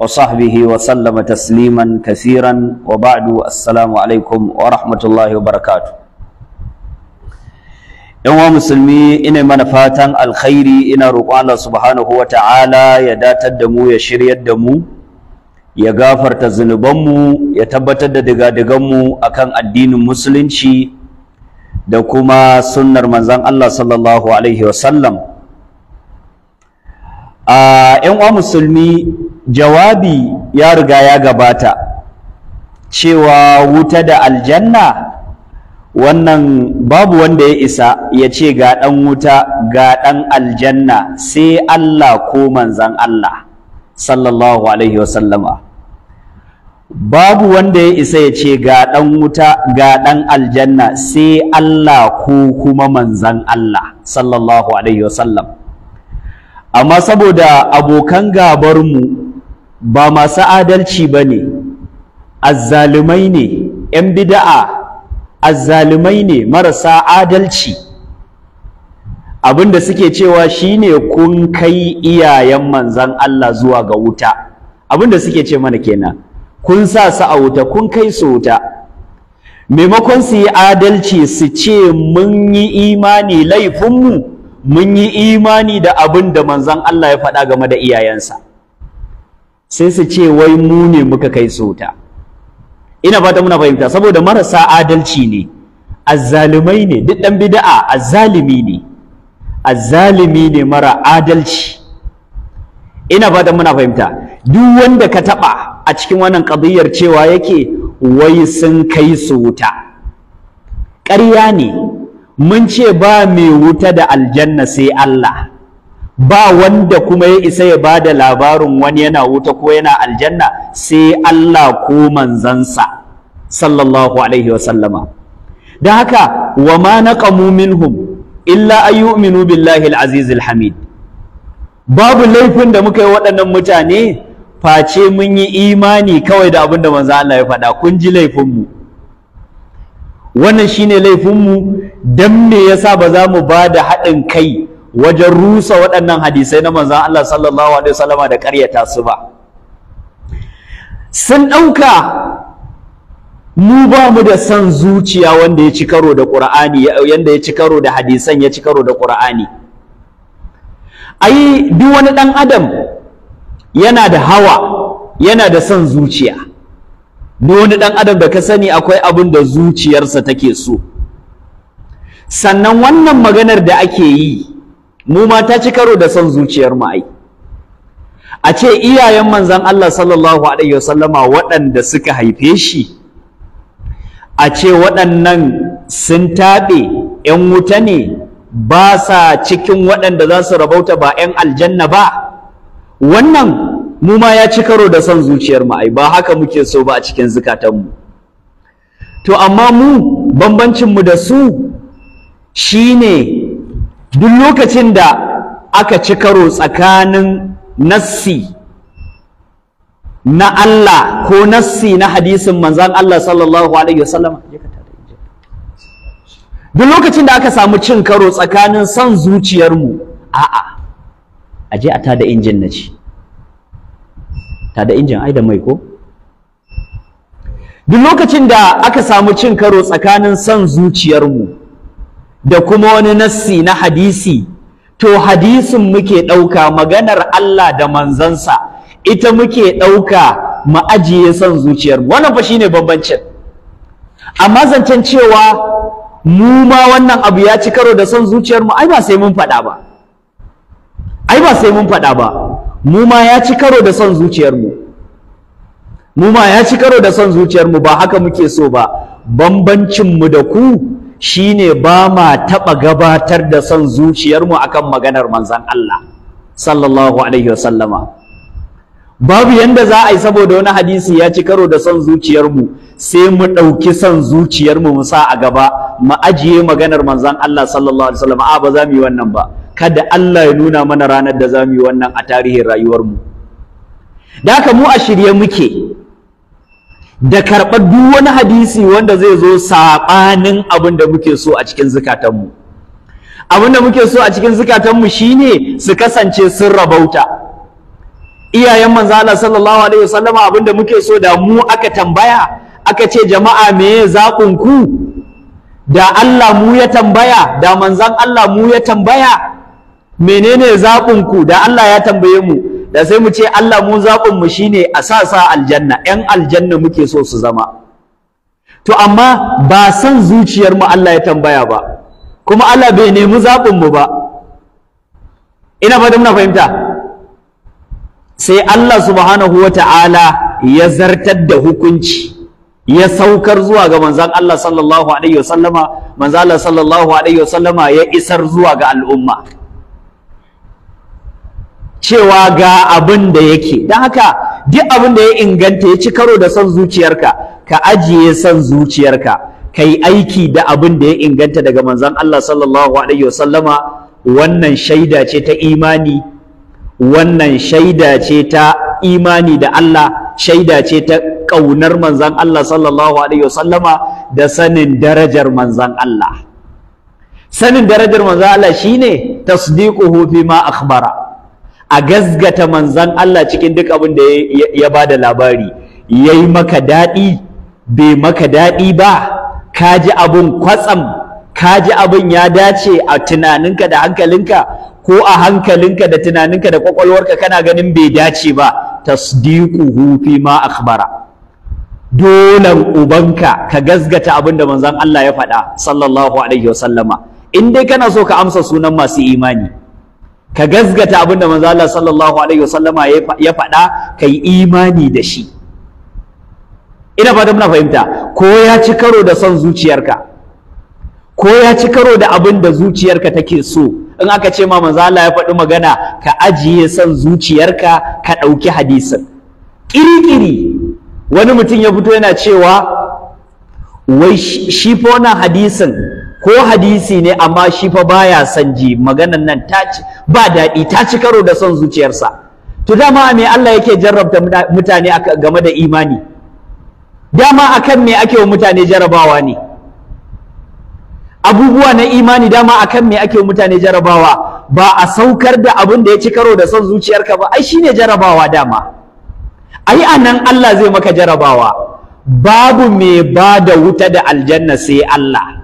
وصحبه وسلم تسليما كثيرا وبعد السلام عليكم ورحمة الله وبركاته yan musulmi ina mana fatan alkhairi ina roƙon Allah subhanahu ta'ala ya datar da mu ya shiryar da mu ya gafarta zunubanmu ya tabbatar da digadiganmu akan addinin musulunci da kuma sunnar manzon Allah sallallahu alaihi wasallam a yan uwa musulmi jawabi ya riga ya gabata cewa wuta da aljanna wannan babu wanda ya isa ya ce ga ɗan wuta ga ɗan aljanna sai Allah ko manzan Allah sallallahu alaihi wasallama babu wanda ya isa ya ce ga ɗan wuta ga ɗan aljanna sai Allah ko kuma manzan Allah sallallahu alaihi wasallam amma saboda abokan gabarmu ba masu adalci ba ne azzalumai ne 'yan bida'a azzalumai ne marasa adalci abinda suke cewa shine kun kai iyayen manzan Allah zuwa ga wuta abinda suke ce mana kenan kun sa su a wuta kun kai su wuta maimakon su yi adalci su ce mun yi imani laifinmu mun yi imani da abin da manzan Allah ya faɗa game da iyayensa sai su ce wai mu ne muka kai su wuta ina fata muna fahimta saboda marasa adalci ne azzalumai ne duk dan bid'a azzalimi ne azzalimi ne mara adalci ina fata muna fahimta duk wanda ka taba a cikin wannan qadiyar cewa yake wai sun kai su wuta ƙarya ne mun ce ba mai wuta da aljanna sai Allah ba wanda kuma ya isa ya ba da labarin wani yana wuta ko yana aljanna sai Allah ko manzansa sallallahu alaihi wasallama don haka wa ma naqamu minhum illa ayyuminu billahi al hamid babu laifin da muka yi waɗannan mutane face mun yi imani kawai da abin da manzo Allah ya faɗa kun ji laifinmu wannan shine laifinmu dan me yasa ba za mu ba da haɗin kai wajen rusa waɗannan hadisai na manzon Allah sallallahu alaihi wasallama da ƙaryata su ba sun ɗauka mu ba mu da son zuciya wanda ya ci karo da Qur'ani yanda ya ci karo da hadisan ya ci karo da Qur'ani ai duk wani ɗan adam yana da hawa yana da son zuciya duk wani ɗan adam da ka sani akwai abin da zuciyarsa take so sannan wannan maganar da ake yi mu ma ta ci karo da son zuciyar mu ai a ce iyayen manzan Allah sallallahu alaihi wasallama waɗanda suka haife shi a ce waɗannan sun taɓe 'yan wuta ne ba sa cikin waɗanda za su rabauta ba 'yan aljanna ba wannan mu ma ya ci karo da son zuciyar mu ai ba haka muke so ba a cikin zukatanmu to amma mu bambancinmu da su shine duk lokacin da aka ci karo tsakanin nassi na Allah ko nassi na hadisin manzan Allah sallallahu alaihi wasallam duk lokacin da aka samu cin karo tsakanin son zuciyarmu a'a a je a tada injin na ci tada injin ai da mai ko duk lokacin da aka samu cin karo tsakanin son zuciyarmu da kuma wani nassi na hadisi to hadisin muke ɗauka maganar Allah da manzansa ita muke ɗauka mu ajiye son zuciyar wannan fa shine bambancin amma zancen cewa mu ma wannan abu ya ci karo da son zuciyar mu ai ba sai mun faɗa ba ai ba sai mun faɗa ba mu ma ya ci karo da son zuciyar mu mu ma ya ci karo da son zuciyar mu ba haka muke so ba bambancin mu da ku shine ba ma taɓa gabatar da son zuciyarmu akan maganar manzan Allah sallallahu alaihi wasallama babu yanda za a yi saboda wani hadisi ya ci karo da son zuciyarmu sai mu ɗauki son zuciyarmu mu sa a gaba mu ajiye maganar manzan Allah sallallahu alaihi wasallama a ba za mu yi wannan ba kada Allah ya nuna mana ranar da za mu yi wannan a tarihin rayuwarmu da haka mu a shirye muke da karɓar duk wani hadisi wanda zai zo saɓanin abin da muke so a cikin zukatanmu abin da muke so a cikin zukatanmu shine su kasance sun rabauta iyayen manzo Allah sallallahu alaihi wasallam abin da muke so da mu aka tambaya aka ce jama'a me zaɓin ku da Allah mu ya tambaya da manzan Allah mu ya tambaya menene zaɓin ku da Allah ya tambaye mu da sai mu ce Allah mu zaɓin mu shine a sa sa aljanna ƴan aljanna muke so su zama to amma ba san zuciyar mu Allah ya tambaya ba kuma Allah bai nemi zaɓin mu ba ina fata muna fahimta sai Allah subhanahu ta'ala ya zartar da hukunci ya saukar zuwa ga manzan Allah sallallahu alaihi wasallama manzan Allah sallallahu alaihi sallama ya isar zuwa ga al'umma cewa ga abin da yake don haka duk abin da ya inganta ya ci karo da son zuciyarka ka ajiye son zuciyarka ka yi aiki da abin da ya inganta daga manzon Allah sallallahu alaihi wasallama wannan shaida ce ta imani wannan shaida ce ta imani da Allah shaida ce ta ƙaunar manzan Allah sallallahu alaihi wasallama da sanin darajar manzan Allah sanin darajar manzan Allah shine tasdiquhu ma akhbara a gazgata manzan Allah cikin duk abin da ya ba da labari ya yi maka daɗi bai maka daɗi ba ka ji abin kwatsam ka ji abin ya dace a tunaninka da hankalinka ko a hankalinka da tunaninka da kwakwalwarka kana ganin bai dace ba tasdiquhu hufi ma akhbara dolan ubanka ka gazgata abin da manzan Allah ya faɗa sallallahu alaihi wasallama in dai kana so ka amsa sunan masu imani ka gazgata abin da manzo Allah sallallahu alaihi wasallama ya faɗa ka yi imani da shi ina fata muna fahimta ko ya ci karo da son zuciyarka ko ya ci karo da abin da zuciyarka take so in aka ce ma manzo Allah ya faɗi magana ka ajiye son zuciyarka ka ɗauki hadisin ƙiriƙiri wani mutum ya fito yana cewa wai shi fa wannan hadisin ko hadisi ne amma shi fa baya son ji maganan nan ta ci ba daɗi ta ci karo da son zuciyarsa to dama me Allah yake jarrabta mutane game da imani dama akan me ake wa mutane jarabawa ne abubuwa na imani dama akan me ake wa mutane jarabawa ba a saukar da abin da ya ci karo da son zuciyarka ba ai shine jarabawa dama ai anan Allah zai maka jarabawa babu me ba da wuta da aljanna sai Allah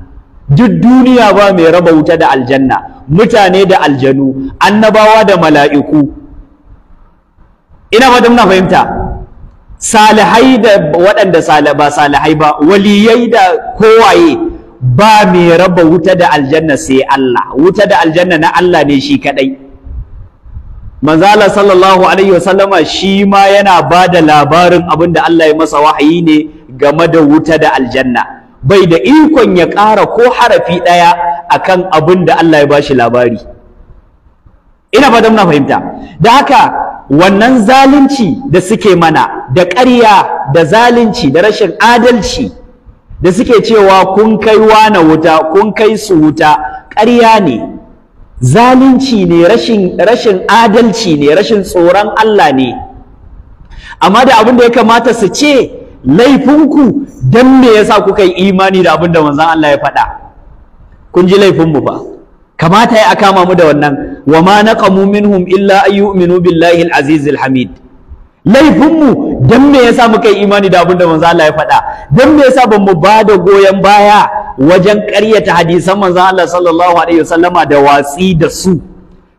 duk duniya ba mai raba wuta da aljanna mutane da aljanu annabawa da mala'iku ina fata muna fahimta salihai da waɗanda ba salihai ba waliyai da kowaye ba mai raba wuta da aljanna sai Allah wuta da aljanna na Allah ne shi kadai manzala sallallahu alaihi wasallama shi ma yana ba da labarin abin da Allah ya masa wahayi ne game da wuta da aljanna bai da ikon ya ƙara ko harafi ɗaya akan abin da Allah ya bashi labari ina fata muna fahimta da haka wannan zalunci da suke mana da ƙarya da zalunci da rashin adalci da suke cewa kun kai wana wuta kun kai su wuta ƙarya ne zalunci ne rashin rashin adalci ne rashin tsoron Allah ne amma da abin da ya kamata su ce laifinku don me yasa kuka yi imani da abin da manzon Allah ya faɗa kun ji laifin mu kamata ya kama mu da wannan wa ma naqamu minhum illa ayyuminu billahi al hamid laifinmu don me yasa muka yi imani da abin da manzon Allah ya faɗa Don me yasa bamu mu da goyon baya wajen karyata hadisan manzon Allah sallallahu alaihi wasallama da watsi da su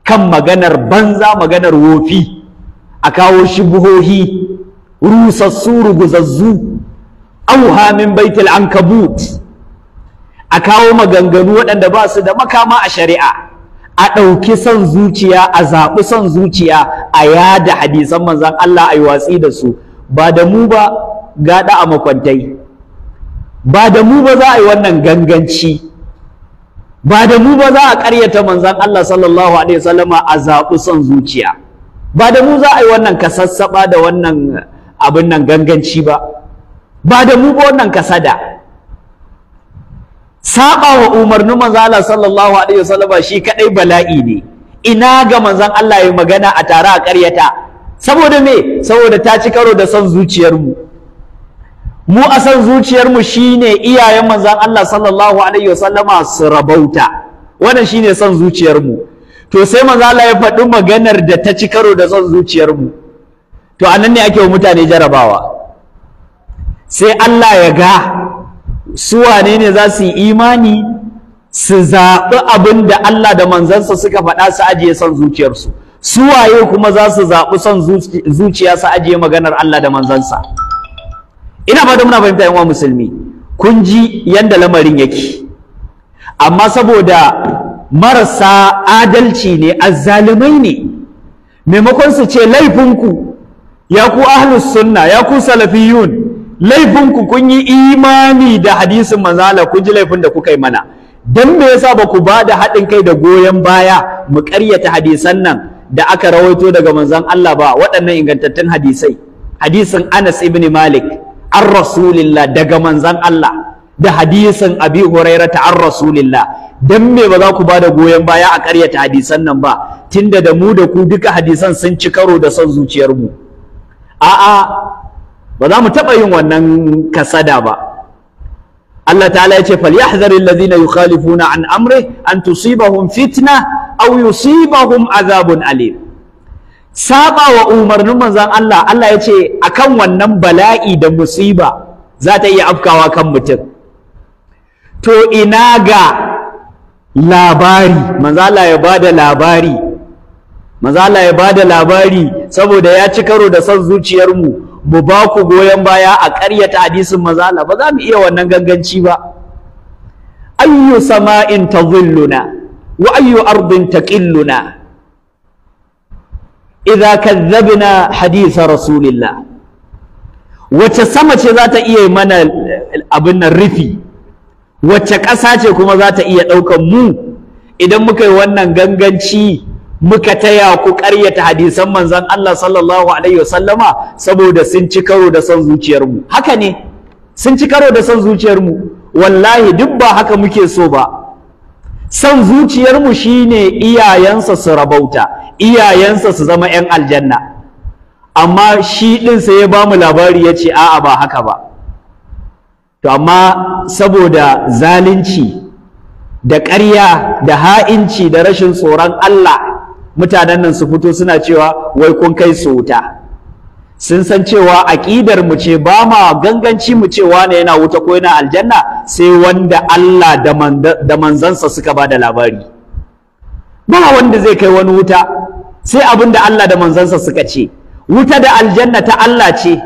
kan maganar banza maganar wofi a kawo shubuhohi rusassu ruguzazzu auha min baitul ankabut a kawo maganganu waɗanda ba su da makama a shari'a a ɗauki son zuciya a zaɓi son zuciya a yada hadisan manzan Allah a yi watsi da su ba da mu ba gaɗa a makwantai ba da mu ba za a yi wannan ganganci ba da mu ba za a ƙaryata manzan Allah sallallahu alaihi wasallama a zaɓi son zuciya ba da mu za a yi wannan kasassaɓa da wannan abin nan ganganci ba ba da mu ba wannan kasada saba wa umarnin manzo Allah sallallahu alaihi wasallam shi kadai bala'i ne ina ga manzon Allah ya magana a tare a ƙaryata saboda me saboda ta ci karo da son zuciyarmu mu a san zuciyarmu shine iyayen manzan Allah sallallahu alaihi wasallama su rabauta wannan shine son zuciyarmu to sai manzo Allah ya faɗi maganar da ta ci karo da son zuciyarmu to anan ne ake wa mutane jarabawa sai Allah ya ga su wane ne za su yi imani su zaɓi abin da Allah da manzansa suka faɗa su ajiye son zuciyarsu su waye kuma za su zaɓi son zuciya su ajiye maganar Allah da manzansa ina ba da muna fahimta yan uwa musulmi kun ji yanda lamarin yake amma saboda marasa adalci ne azzalumai ne maimakon su ce laifinku ya ku ahlus sunna ya ku salafiyun ku kun yi imani da hadisin manzala kun ji laifin da kuka yi mana dan me yasa ba ku ba da haɗin kai da goyon baya mu ƙaryata hadisan nan da aka rawaito daga manzon Allah ba waɗannan ingantattun hadisai hadisin Anas ibn Malik an rasulillah daga manzon Allah da hadisin Abi Hurairah ta an rasulillah dan me ba za ku ba da goyon baya a ƙaryata hadisan nan ba tunda da mu da ku duka hadisan sun ci karo da son zuciyar mu a'a ba za mu taɓa yin wannan kasada ba Allah ta'ala ya ce falyahzaril ladina yukhalifuna an amri an tusibahum fitna aw yusibahum azabun alim saba wa umarnin manzon Allah Allah ya ce akan wannan bala'i da musiba za ta iya afkawa kan mutum to ina ga labari manzo Allah ya bada labari Mazala ya bada labari saboda ya ci karo da son zuciyar mu mu ba ku goyon baya a ƙaryata hadisin mazala. ba za mu iya wannan ganganci ba ayyu sama'in tadhilluna wa ayyu ardin taqilluna idza kadhabna hadisa rasulillah wace sama ce za ta iya mana abin nan rufi wace ƙasa ce kuma za ta iya ɗaukan mu idan muka yi wannan ganganci muka taya ku ƙaryata hadisan manzan Allah sallallahu alaihi wasallama saboda sun ci karo da son zuciyarmu haka ne sun ci karo da son zuciyarmu wallahi duk ba haka muke so ba son zuciyarmu shine iyayensa su rabauta iyayensa su zama 'yan aljanna amma shi ɗinsa ya ba mu labari ya ce a'a ba haka ba to amma saboda zalunci da ƙarya da ha'inci da rashin tsoron Allah mutanen nan su fito suna cewa wai kun kai su wuta sun san cewa aƙidar mu ce ba ma ganganci mu cewa ne yana wuta ko yana aljanna sai wanda Allah da manzansa suka ba da labari ba wanda zai kai wani wuta sai abinda da Allah da manzansa suka ce wuta da aljanna ta Allah ce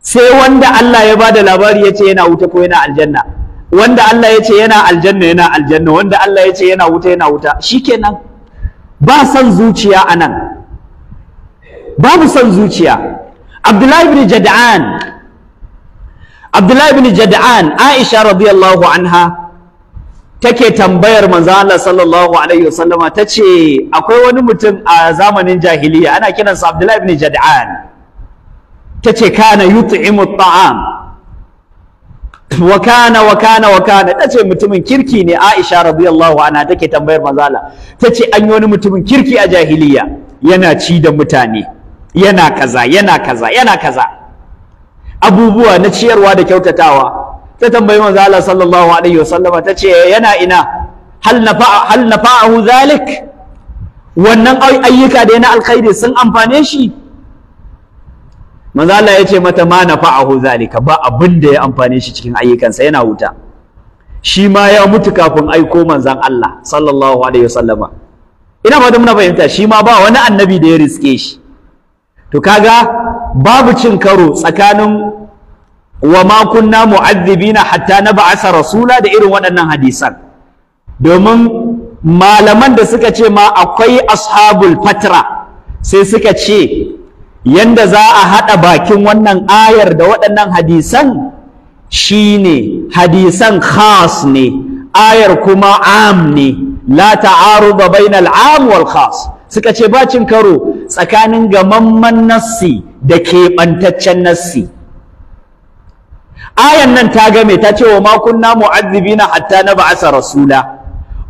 sai wanda Allah ya ba da labari ya ce yana wuta ko yana aljanna wanda Allah yace ce yana aljanna yana aljanna wanda Allah yace ce yana wuta yana wuta shikenan ba son zuciya a nan babu son zuciya abdullahi bin jada'an abdullahi bin jada'an aisha radiyallahu anha take tambayar manzo Allah sallallahu alaihi wasallama tace akwai wani mutum a zamanin jahiliya ana kiransa abdullahi bin jada'an tace kana yut'imu wakana wakana wakana ta ce mutumin kirki ne aisha radiyallahu anha take tambayar mazala ta ce an yi wani mutumin kirki a jahiliya yana ci da mutane yana kaza yana kaza yana kaza abubuwa na ciyarwa da kyautatawa ta tambayi mazala sallallahu alaihi wasallama ta ce eh, yana ina hal nafa'a hal nafa'ahu zalik wannan ayyuka da yana alkhairi sun amfane shi manzo Allah ya ce mata ma nafa'ahu zalika ba abin da ya amfane shi cikin ayyukansa yana wuta shi ma ya mutu kafin aiko manzon Allah sallallahu alaihi wasallama ina fata muna fahimta shi ma ba wani annabi da ya riske shi to kaga babu cin karo tsakanin wa ma kunna mu'adhibina hatta nab'asa rasula da irin waɗannan hadisan domin malaman da suka ce ma akwai ashabul fatra sai suka ce yanda za a haɗa bakin wannan ayar da waɗannan hadisan shi ne hadisan khas ne ayar kuma am ne la ba bainal am wal khas suka ce bacin karo tsakanin gamamman nassi da keɓantaccen nassi ayan nan ta game ta ce wa namu, kunna na hatta na ba'asa rasula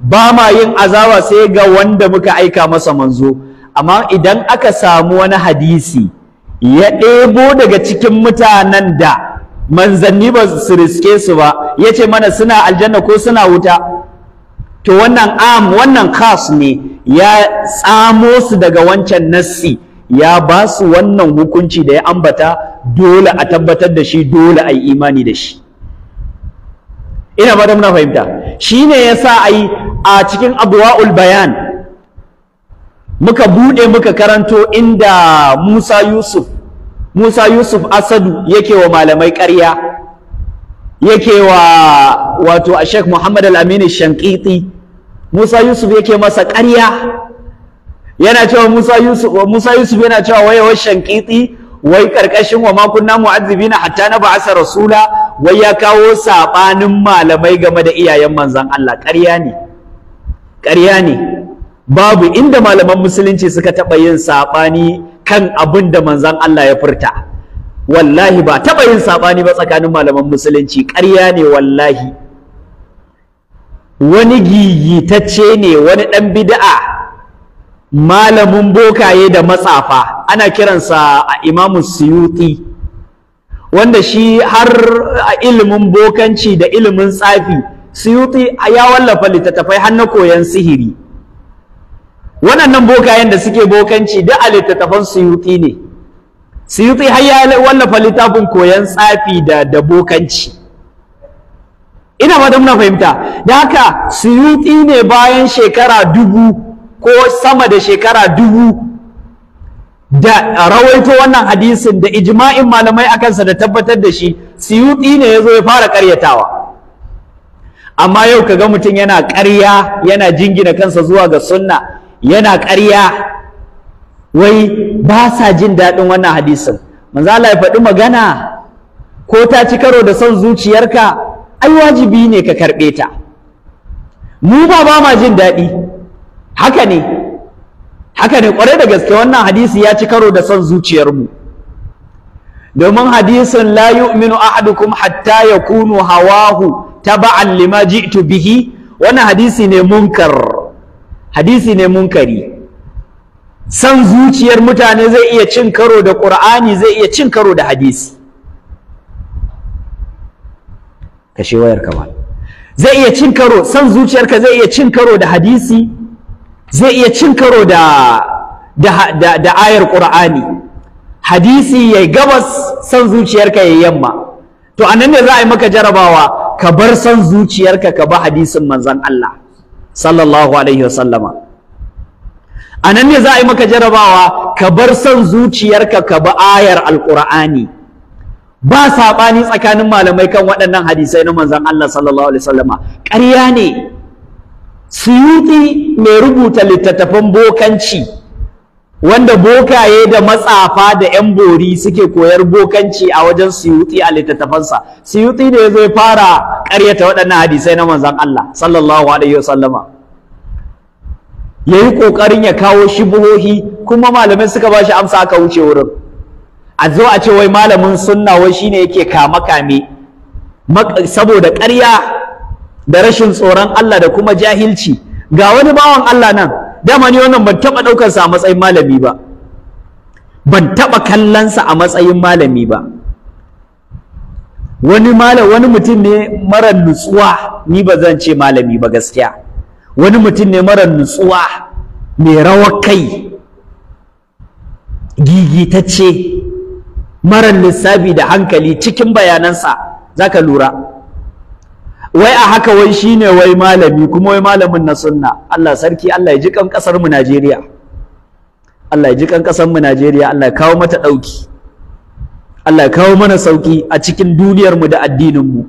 ba ma yin azawa sai ga wanda muka aika masa manzo amma idan aka samu wani hadisi ya ɗebo daga cikin mutanen da manzanni ba su riske su ba ya ce mana suna aljanna ko suna wuta to wannan am wannan khas ne ya tsamo su daga wancan nassi ya ba su wannan hukunci da ya ambata dole a tabbatar da shi dole a yi imani da shi ina ba muna fahimta Shi ne yasa sa a cikin abwa'ul bayan muka bude muka karanto inda Musa Yusuf Musa Yusuf Asadu yake wa malamai ƙarya yake wa wato a Sheikh Muhammad Al-Amin Shankiti Musa Yusuf yake masa ƙarya yana cewa Musa Yusuf Musa Yusuf yana cewa waye wa Shankiti wai karkashin wa ma kunna mu'azzibina hatta na ba'asa rasula wai ya kawo sabanin malamai game da iyayen manzon Allah ƙarya ne ƙarya ne babu inda malaman musulunci suka taɓa yin saɓani kan abin da manzan Allah ya furta wallahi ba taɓa yin saɓani ba tsakanin malaman musulunci ƙarya ne wallahi wani gigitacce ne wani ɗan bida'a malamin bokaye da matsafa ana kiransa a imamun suyuti wanda shi har a ilimin bokanci da ilimin tsafi suyuti ya wallafa littattafai har na koyon sihiri waɗannan bokayen da suke bokanci duk a littattafan suyuti ne suyuti har ya wallafa littafin koyon tsafi da da bokanci ina ba muna fahimta da haka suyuti ne bayan shekara dubu ko sama da shekara dubu da rawaito wannan hadisin da ijma'in malamai a kansa da tabbatar da shi suyuti ne ya zo ya fara karyatawa amma yau kaga mutum yana karya, yana jingina kansa zuwa ga sunna yana ƙarya wai ba sa jin daɗin wannan hadisin manzo Allah ya faɗi magana ko ta ci karo da son zuciyarka ai wajibi ne ka karɓe ta mu ba ba ma jin daɗi haka ne haka ne ƙwarai da gaske wannan hadisi ya ci karo da son zuciyarmu domin hadisin la yu'minu ahadukum hatta yakunu hawahu taba'an lima ji'tu bihi wannan hadisi ne munkar hadisi ne munkari san zuciyar mutane zai iya cin karo da ƙur'ani zai iya cin karo da hadisi kashe wayar ba zai iya cin karo san zuciyarka zai iya cin karo da hadisi zai iya cin karo da da da, da ayar ƙur'ani hadisi yayi gabas san zuciyarka ya yamma to anan ne za a yi maka jarabawa ka bar san zuciyarka ka ba hadisin manzon Allah sallallahu alaihi wasallama a nan ne za a yi maka jarabawa ka bar son zuciyarka ka bi ayar alqur'ani ba saɓani tsakanin malamai kan waɗannan hadisai na manzon Allah sallallahu alaihi wasallama ƙarya ne suyuti mai rubuta littattafan bokanci wanda bokaye da matsafa da 'yan bori suke koyar bokanci a wajen suyuti a littattafansa suyuti da ya zo ya fara karyata waɗannan hadisai na manzan Allah sallallahu alaihi wasallama ya yi ƙoƙarin ya kawo shibuhohi kuma malamai suka ba shi amsa aka wuce wurin a zo a ce wai malamin sunna wai shine yake kama kame saboda ƙarya da rashin tsoron Allah da kuma jahilci ga wani bawan Allah nan dama ni wannan ban taɓa ɗaukarsa a matsayin malami ba ban taɓa kallonsa a matsayin malami ba wani malam wani mutum ne mara nutsuwa ni ba zan ce malami ba gaskiya wani mutum ne mara nutsuwa mai rawar kai gigitacce mara lissafi da hankali cikin bayanansa zaka lura wai a haka wai shine wai malami kuma wai malamin na sunna Allah sarki Allah ya ji kan kasar mu Najeriya Allah ya ji kan kasar mu Najeriya Allah ya kawo mata dauki Allah ya kawo mana sauki a cikin duniyar mu da addinin mu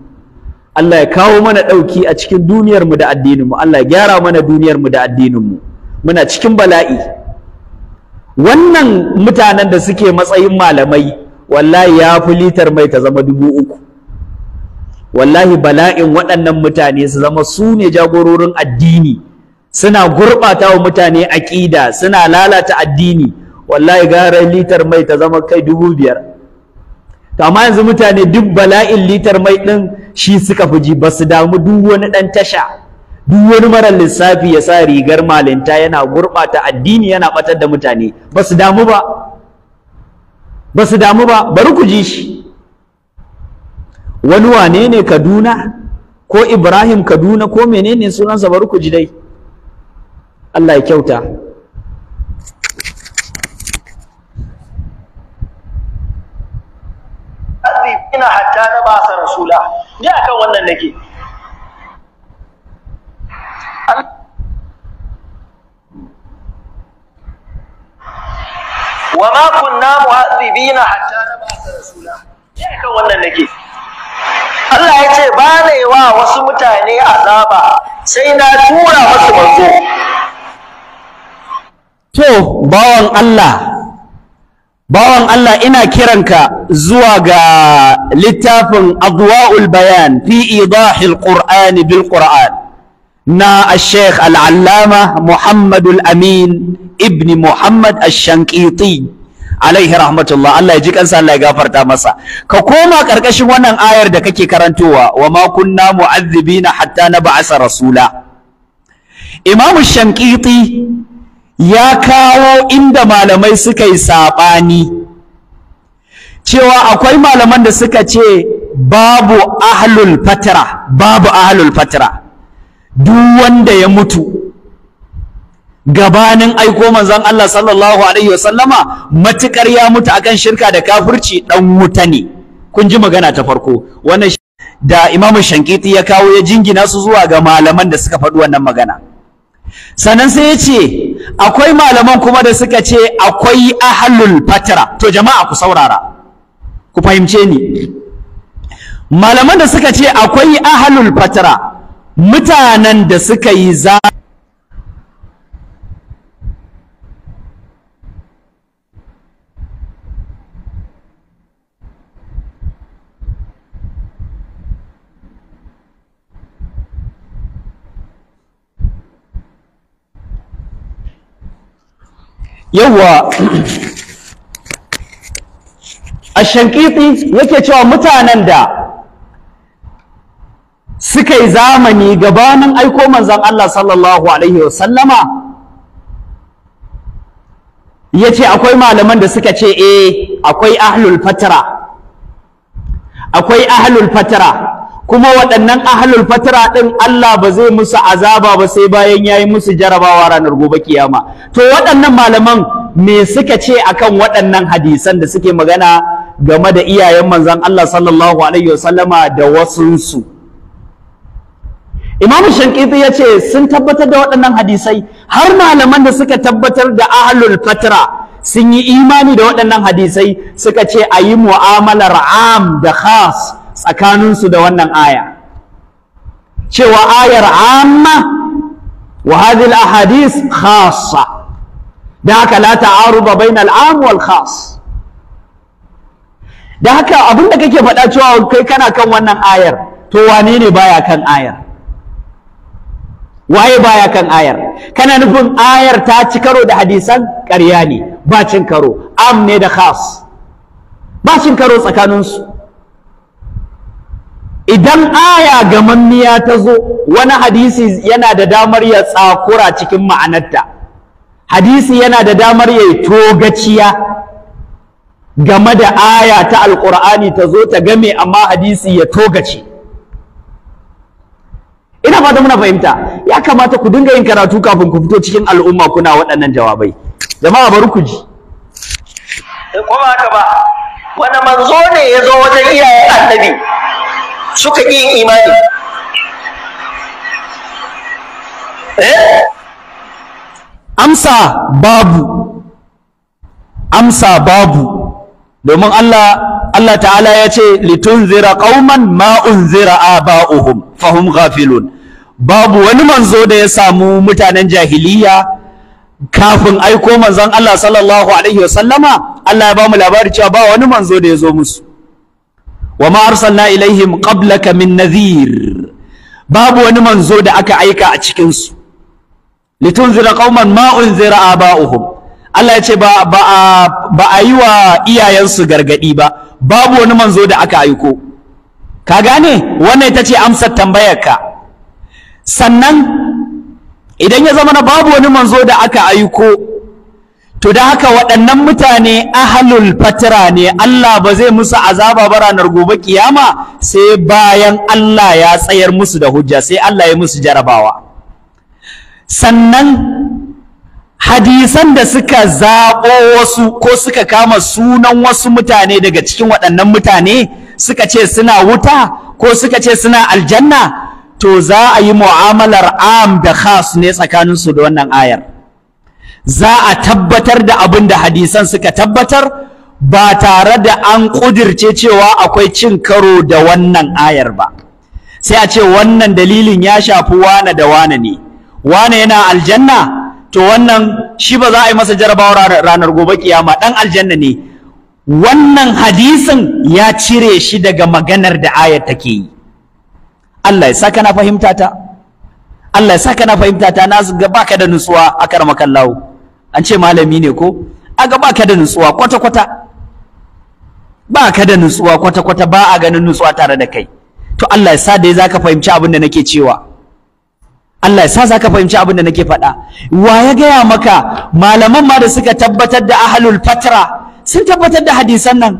Allah ya kawo mana dauki a cikin duniyar mu da addinin mu Allah ya gyara mana duniyar mu da addinin mu muna cikin bala'i wannan mutanen da suke matsayin malamai wallahi ya fi litar mai ta zama dubu uku wallahi bala'in waɗannan mutane su zama su ne jagororin addini suna gurɓata wa mutane aƙida suna lalata addini wallahi gara litar mai ta zama kai dubu biyar to amma yanzu mutane duk bala'in litar mai ɗin shi suka fi ji ba su damu duk wani ɗan tasha duk wani marar lissafi ya sa rigar malinta yana gurɓata addini yana ɓatar da mutane ba su damu ba ba su damu ba bari ku ji shi wani wane ne kaduna ko ibrahim kaduna ko menene sunansa bari ku ji dai allah ya kyauta ina hatta na ba sa rasula ni akan wannan nake wa ma kunna mu'adhibina hatta na ba sa rasula ni akan wannan nake Allah ya ce ba na yi wa wasu mutane azaba sai na tura masu manzo to bawan Allah bawan Allah ina kiranka zuwa ga littafin adwa'ul bayan fi idahil qur'ani bil qur'an na al-sheikh al-allama amin ibn Muhammad al-Shankiti alaihi rahmatullah Allah ya ji kansa Allah ya gafarta masa ka koma karkashin wannan ayar da kake karantowa wa ma kunna mu'azzibina hatta nab'asa rasula Imam Shankiti ya kawo inda malamai suka yi sabani cewa akwai malaman da suka ce babu ahlul Fatra. babu ahlul fatra duk wanda ya mutu gabanin aiko manzon Allah sallallahu alaihi wasallama matukar ya mutu akan shirka da kafirci dan wuta ne kun ji magana ta farko wannan da Imam Shankiti ya kawo ya jingina su zuwa ga malaman da suka faɗi wannan magana sannan sai ya ce akwai malaman kuma da suka ce akwai ahlul fatra to jama'a ku saurara ku fahimce ni malaman da suka ce akwai ahlul fatra mutanen da suka yi za yawwa ashankiti yake cewa mutanen da suka yi zamani gabanin aiko manzan Allah sallallahu alaihi wasallama ya ce akwai malaman da suka ce eh akwai ahlul fatara akwai ahlul fatara kuma waɗannan ahlul fatara ɗin Allah ba zai musu azaba ba sai bayan yayi musu jarabawa ranar gobe kiyama to waɗannan malaman me suka ce akan waɗannan hadisan da suke magana game da iyayen manzon Allah sallallahu alaihi wasallama da wasunsu Imam Shankiti ya ce sun tabbatar da waɗannan hadisai har malaman da suka tabbatar da ahlul fatara sun yi imani da waɗannan hadisai suka ce a yi mu'amalar am da khas tsakaninsu da wannan aya cewa ayar amma wa hadhihi ahadis khassa da haka la ta'aruba bainal am wal khas da haka abinda kake faɗa cewa kai kana kan wannan ayar to wane ne baya kan ayar waye baya kan ayar kana nufin ayar ta ci karo da hadisan ƙarya ne ba cin karo am ne da khas ba cin karo tsakaninsu idan aya gamammiya ta zo wani hadisi yana da damar ya tsakura cikin ma'anarta hadisi yana da damar ya yi togaciya game da aya ta Alkur'ani ta zo ta game amma hadisi ya togace ina fata muna fahimta ya kamata ku dinga yin karatu kafin ku fito cikin al'umma kuna waɗannan jawabai jama'a bari ku ji eh, wani manzo ne ya zo wajen iyayen annabi suka yi imani eh amsa babu amsa babu domin Allah Allah ta'ala ya ce litunzira qauman ma unzira aba'uhum fahum ghafilun babu wani manzo da ya samu mutanen jahiliya kafin aiko manzon Allah sallallahu alaihi wasallama Allah ya ba mu labari cewa ba wani manzo da ya zo musu wa ma arsalna ilaihim qablaka min nadhir babu wani manzo da aka aika a cikin su litunzira qauman ma unzira aba'uhum Allah ya ce ba ba ba a yi wa iyayensu gargadi ba babu wani manzo da aka aiko ka gane wannan ita ce amsar tambayarka sannan idan ya zama na babu wani manzo da aka aiko to da haka waɗannan mutane ahalul fatira ne Allah ba zai musu azaba ba ranar gobe kiyama sai bayan Allah ya tsayar musu da hujja sai Allah ya musu jarabawa sannan hadisan da suka zaɓo wasu ko suka kama sunan wasu mutane daga cikin waɗannan mutane suka ce suna wuta ko suka ce suna aljanna to za a yi mu'amalar am da khas ne tsakaninsu da wannan ayar za a tabbatar da abin da hadisan suka tabbatar ba tare da an ƙudirce cewa akwai cin karo da wannan ayar ba sai a ce wannan dalilin ya shafi wane da wane ne wane yana aljanna to wannan shi ba za a yi masa jarabawar ranar gobe kiyama dan aljanna ne wannan hadisin ya cire shi daga maganar da ayar take yi Allah ya saka na fahimta ta Allah ya saka na fahimta ta na ga baka da nutsuwa a akar makallahu an ce malami ne ko aga ba ka da nutsuwa kwata-kwata ba ka da nutsuwa kwata-kwata ba a ganin nutsuwa tare da kai to Allah ya sa dai zaka fahimci abin da nake cewa Allah ya sa zaka fahimci abin da nake faɗa wa ya gaya maka malaman ma da suka tabbatar da ahlul fatra sun tabbatar da hadisan nan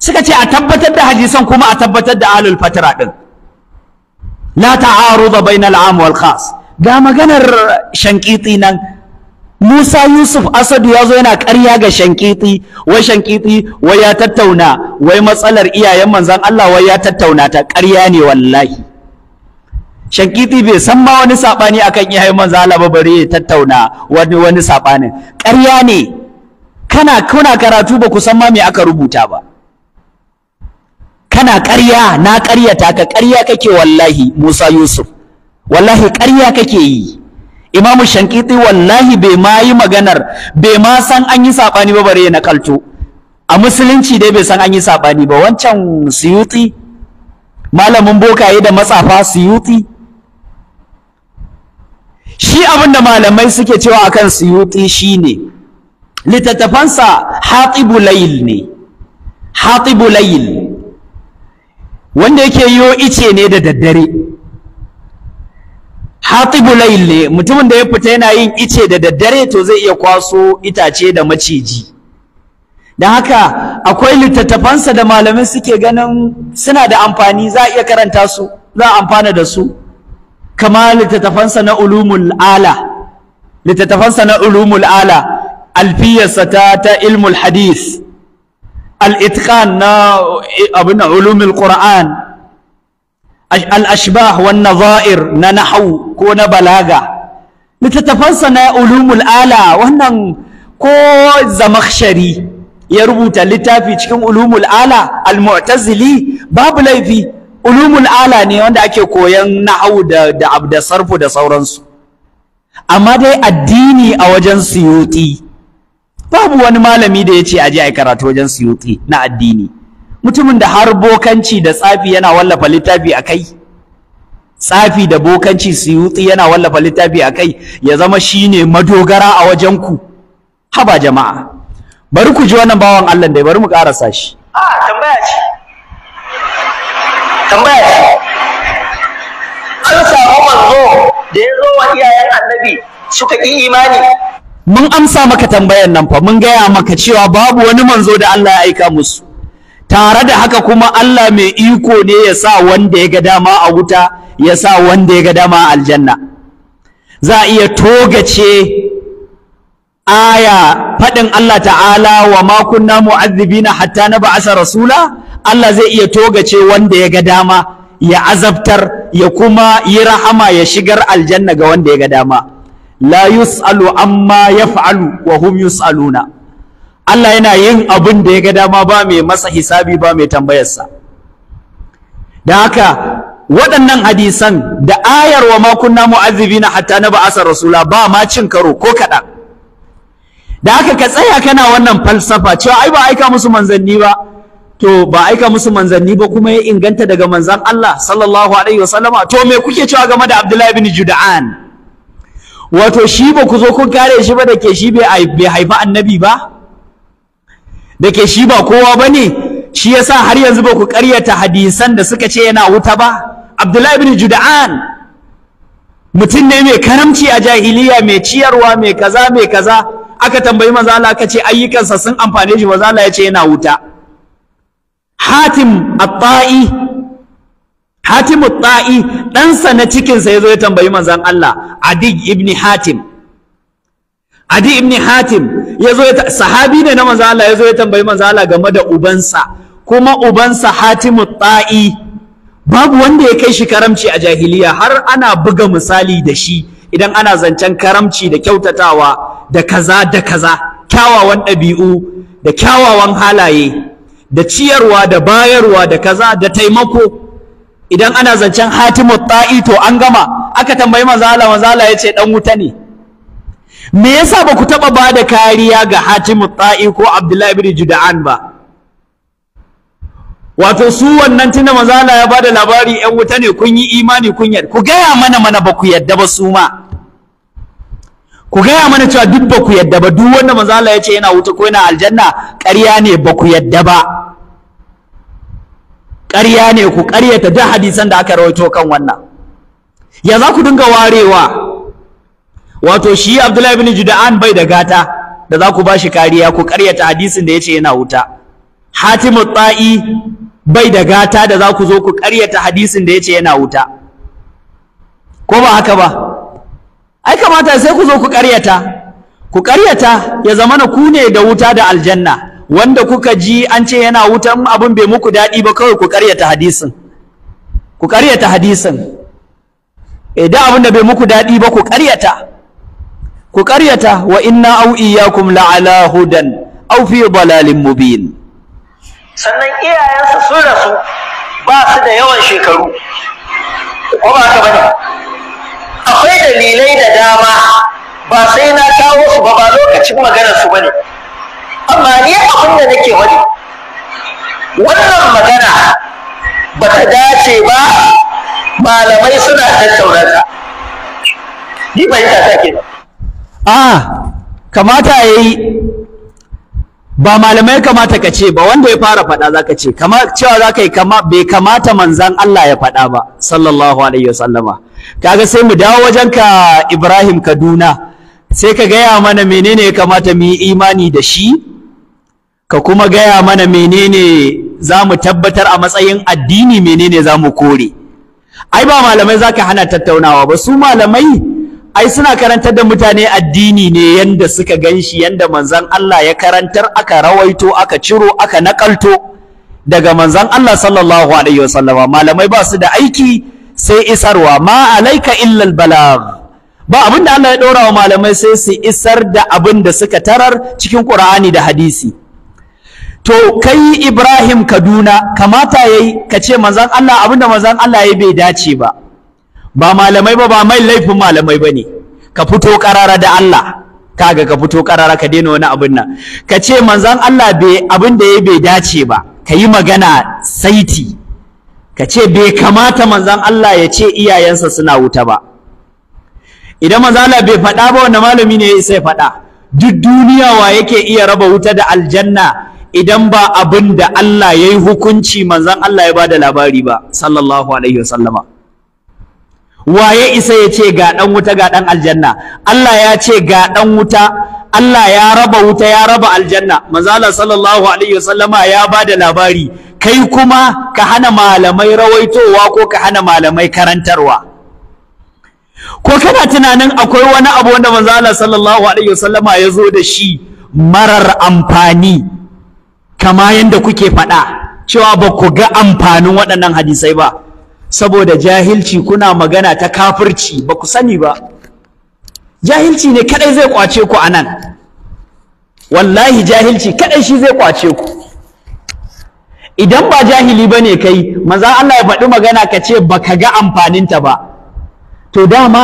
suka ce a tabbatar da hadisan kuma a tabbatar da ahlul fatra din la ta'aruda bainal am wal khas ga maganar shankiti nan Musa Yusuf Asadu ya zo yana ƙarya ga shankiti wai shankiti wai ya tattauna wai matsalar iyayen manzan Allah wai ya tattauna ta ƙarya ne wallahi shankiti bai san ma wani saɓani akan iyayen manzan Allah ba bari ya tattauna wani wani saɓanin ƙarya ne kana kuna karatu ba ku san ma me aka rubuta ba kana ƙarya na ƙaryata ka ƙarya kake wallahi Musa Yusuf wallahi ƙarya kake yi imamu shankiti wallahi bai ma yi maganar bai ma san an yi saɓani ba bare na kalto a musulunci dai bai san an yi saɓani ba wancan suyuti malamin bokaye da matsafa suyuti shi abin da malamai suke cewa akan suyuti shine littattafansa hatibu layil ne hatibu layil wanda yake yiwo ice ne da daddare hatibu layl ne mutumin da ya fita yana yin ice da daddare to zai iya kwaso itace da maciji da haka akwai littattafansa da malamin suke ganin suna da amfani za a iya karanta su za a amfana da su kama littattafansa na ulumul ala littattafansa na ulumul ala alfiyarsa ta ta ilmul hadith al-itqan na eh, abin ulumul qur'an al-ashbah wan nazair na nahau ko na balaga littattafansa na ulumul ala wannan ko zamakhshari ya rubuta littafi cikin ulumul ala al-mu'tazili babu laifi ulumul ala ne wanda ake koyan nahau da da abda sarfu da sauransu amma dai addini a wajen suyuti babu wani malami da ya ce a yi karatu wajen suyuti na addini mutumin da har bokanci da tsafi yana wallafa littafi a kai tsafi da bokanci su wutsi yana wallafa littafi a kai ya zama shine madogara a wajen ku haba jama'a bari ku ji wannan bawan Allah dai bari mu karasa shi tambaya ce tambaya da ya zo wa iyayen annabi suka yi imani mun amsa maka tambayan nan fa mun gaya maka cewa babu wani manzo da Allah ya aika musu tare da haka kuma Allah mai iko ne ya sa wanda ya ga dama a wuta ya sa wanda ya ga dama a aljanna za a iya togace aya faɗin Allah ta'ala wa ma kunna mu'adhibina hatta na ba'asa rasula Allah zai iya togace wanda ya ga dama ya azabtar ya kuma yi rahama ya shigar aljanna ga wanda ya ga dama la yus'alu amma yaf'alu wa hum yus'aluna Allah yana yin abin da ya ga dama ba mai masa hisabi ba mai tambayarsa da haka waɗannan hadisan da ayar wa makunna na hatta na ba'asa rasula ba ma cin karo ko kaɗan da haka ka tsaya kana wannan falsafa cewa ai ba aika musu manzanni ba to ba aika musu manzanni ba kuma ya inganta daga manzan Allah sallallahu alaihi wasallama to me kuke cewa game da Abdullahi bin Juda'an wato shi ba ku zo kun kare shi ba da ke shi bai haifi annabi ba Dake shi ba kowa ba ne shi yasa har yanzu ba ku ƙaryata hadisan da suka ce yana wuta ba abdullahi ibn juda'an mutum ne mai karamci a jahiliya mai ciyarwa mai kaza mai kaza aka tambayi manzo Allah aka ce ayyukansa sun amfane shi manzo Allah ya ce yana wuta hatim at-ta'i hatim at-ta'i ɗansa na cikinsa ya zo ya tambayi manzo Allah adig ibn hatim adi ibn hatim ya sahabi ne na manzo Allah ya zo ya tambayi manzo Allah game da ubansa kuma ubansa hatimu ta'i babu wanda ya kai shi karamci a jahiliya har ana buga misali da shi idan ana zancen karamci da kyautatawa da kaza da kaza kyawawan ɗabi'u da kyawawan halaye da ciyarwa da bayarwa da kaza da taimako idan ana zancen hatimu ta'i to an gama aka tambayi manzo Allah manzo Allah ya ce dan wuta ne me yasa ba ku taɓa ba da kariya ga hatimu ta'i ko abdullahi bin juda'an ba wato su wannan tunda manzala ya bada labari yan wuta ne kun yi imani kun ku gaya mana mana ba ku yadda ba su ma ku gaya mana cewa duk ba ku yadda ba duk wanda manzala ya ce yana wuta ko yana aljanna ƙarya ne ba ku yadda ba ƙarya ne ku ƙaryata duk hadisan da aka rawaito kan wannan ya za ku dinga warewa wato shi Abdullahi bin Juda'an bai da gata da za ku ba shi kariya ku karyata hadisin da ya ce yana wuta Hatimu Ta'i bai da gata da za ku zo ku karyata hadisin da ya ce yana wuta ko ba haka ba ai kamata sai ku zo ku karyata ku karyata ya zama ku ne da wuta da aljanna wanda kuka ji an ce yana wuta abin bai muku daɗi ba kawai ku karyata hadisin ku karyata hadisin idan eh, abin da bai muku daɗi ba ku karyata ku karyata wa inna au iyyakum la'ala hudan au fi dalalin mubin sannan iyayensa sun rasu ba su da yawan shekaru ko ba ka bane akwai dalilai da dama ba sai na kawo su ba ba lokacin maganar su bane amma ni abin da nake wani wannan magana ba ta dace ba malamai suna tattaunata ni fahimta ta ba. a kamata ya yi ba malamai kamata ka ce ba wanda ya fara faɗa za ka ce cewa za ka yi bai kamata manzan Allah ya faɗa ba sallallahu alaihi wasallama kaga sai mu dawo wajen ka Ibrahim Kaduna sai ka gaya mana menene ya kamata mu yi imani da shi ka kuma gaya mana menene za mu tabbatar a matsayin addini menene za mu kore ai ba malamai za ka hana tattaunawa ba su malamai ai suna karantar da mutane addini ne yanda suka ganshi yanda manzon Allah ya karantar aka rawaito aka ciro aka nakalto daga manzon Allah sallallahu alaihi wasallama malamai ba su da aiki sai isarwa ma alaika illal balagh ba abin da Allah ya ɗora wa malamai sai su isar da abin da suka tarar cikin Qur'ani da hadisi to kai Ibrahim Kaduna kamata yayi ka ce manzon Allah abin da manzon Allah ya bai dace ba ba malamai ba ba mai laifin malamai ba ne ka fito karara da Allah kaga ka fito karara ka daina wani abin nan ka ce manzan Allah abin da ya bai dace ba ka yi magana saiti ka ce bai kamata manzan Allah ya ce iyayensa suna wuta ba idan manzan Allah bai faɗa ba wanda malami ne ya isa faɗa duk duniya wa yake iya raba wuta da aljanna idan ba abin da Allah ya yi hukunci manzan Allah ya ba da labari ba sallallahu alaihi wasallama waye isa ya ce ga ɗan wuta ga ɗan aljanna Allah ya ce ga ɗan wuta Allah ya raba wuta ya raba aljanna manzala sallallahu alaihi wasallama ya ba da labari kai kuma ka hana malamai rawaitowa ko ka hana malamai karantarwa ko kana tunanin akwai wani abu wanda manzala sallallahu alaihi wasallama ya zo da shi marar amfani kama yadda kuke faɗa cewa ba ku ga amfanin waɗannan hadisai ba saboda jahilci kuna magana ta kafirci ba ku sani ba jahilci ne kadai zai kwace ku a nan wallahi jahilci kadai shi zai kwace ku idan ba jahili ba ne kai maza Allah ya faɗi magana ka ce ba ka ga amfaninta ba to dama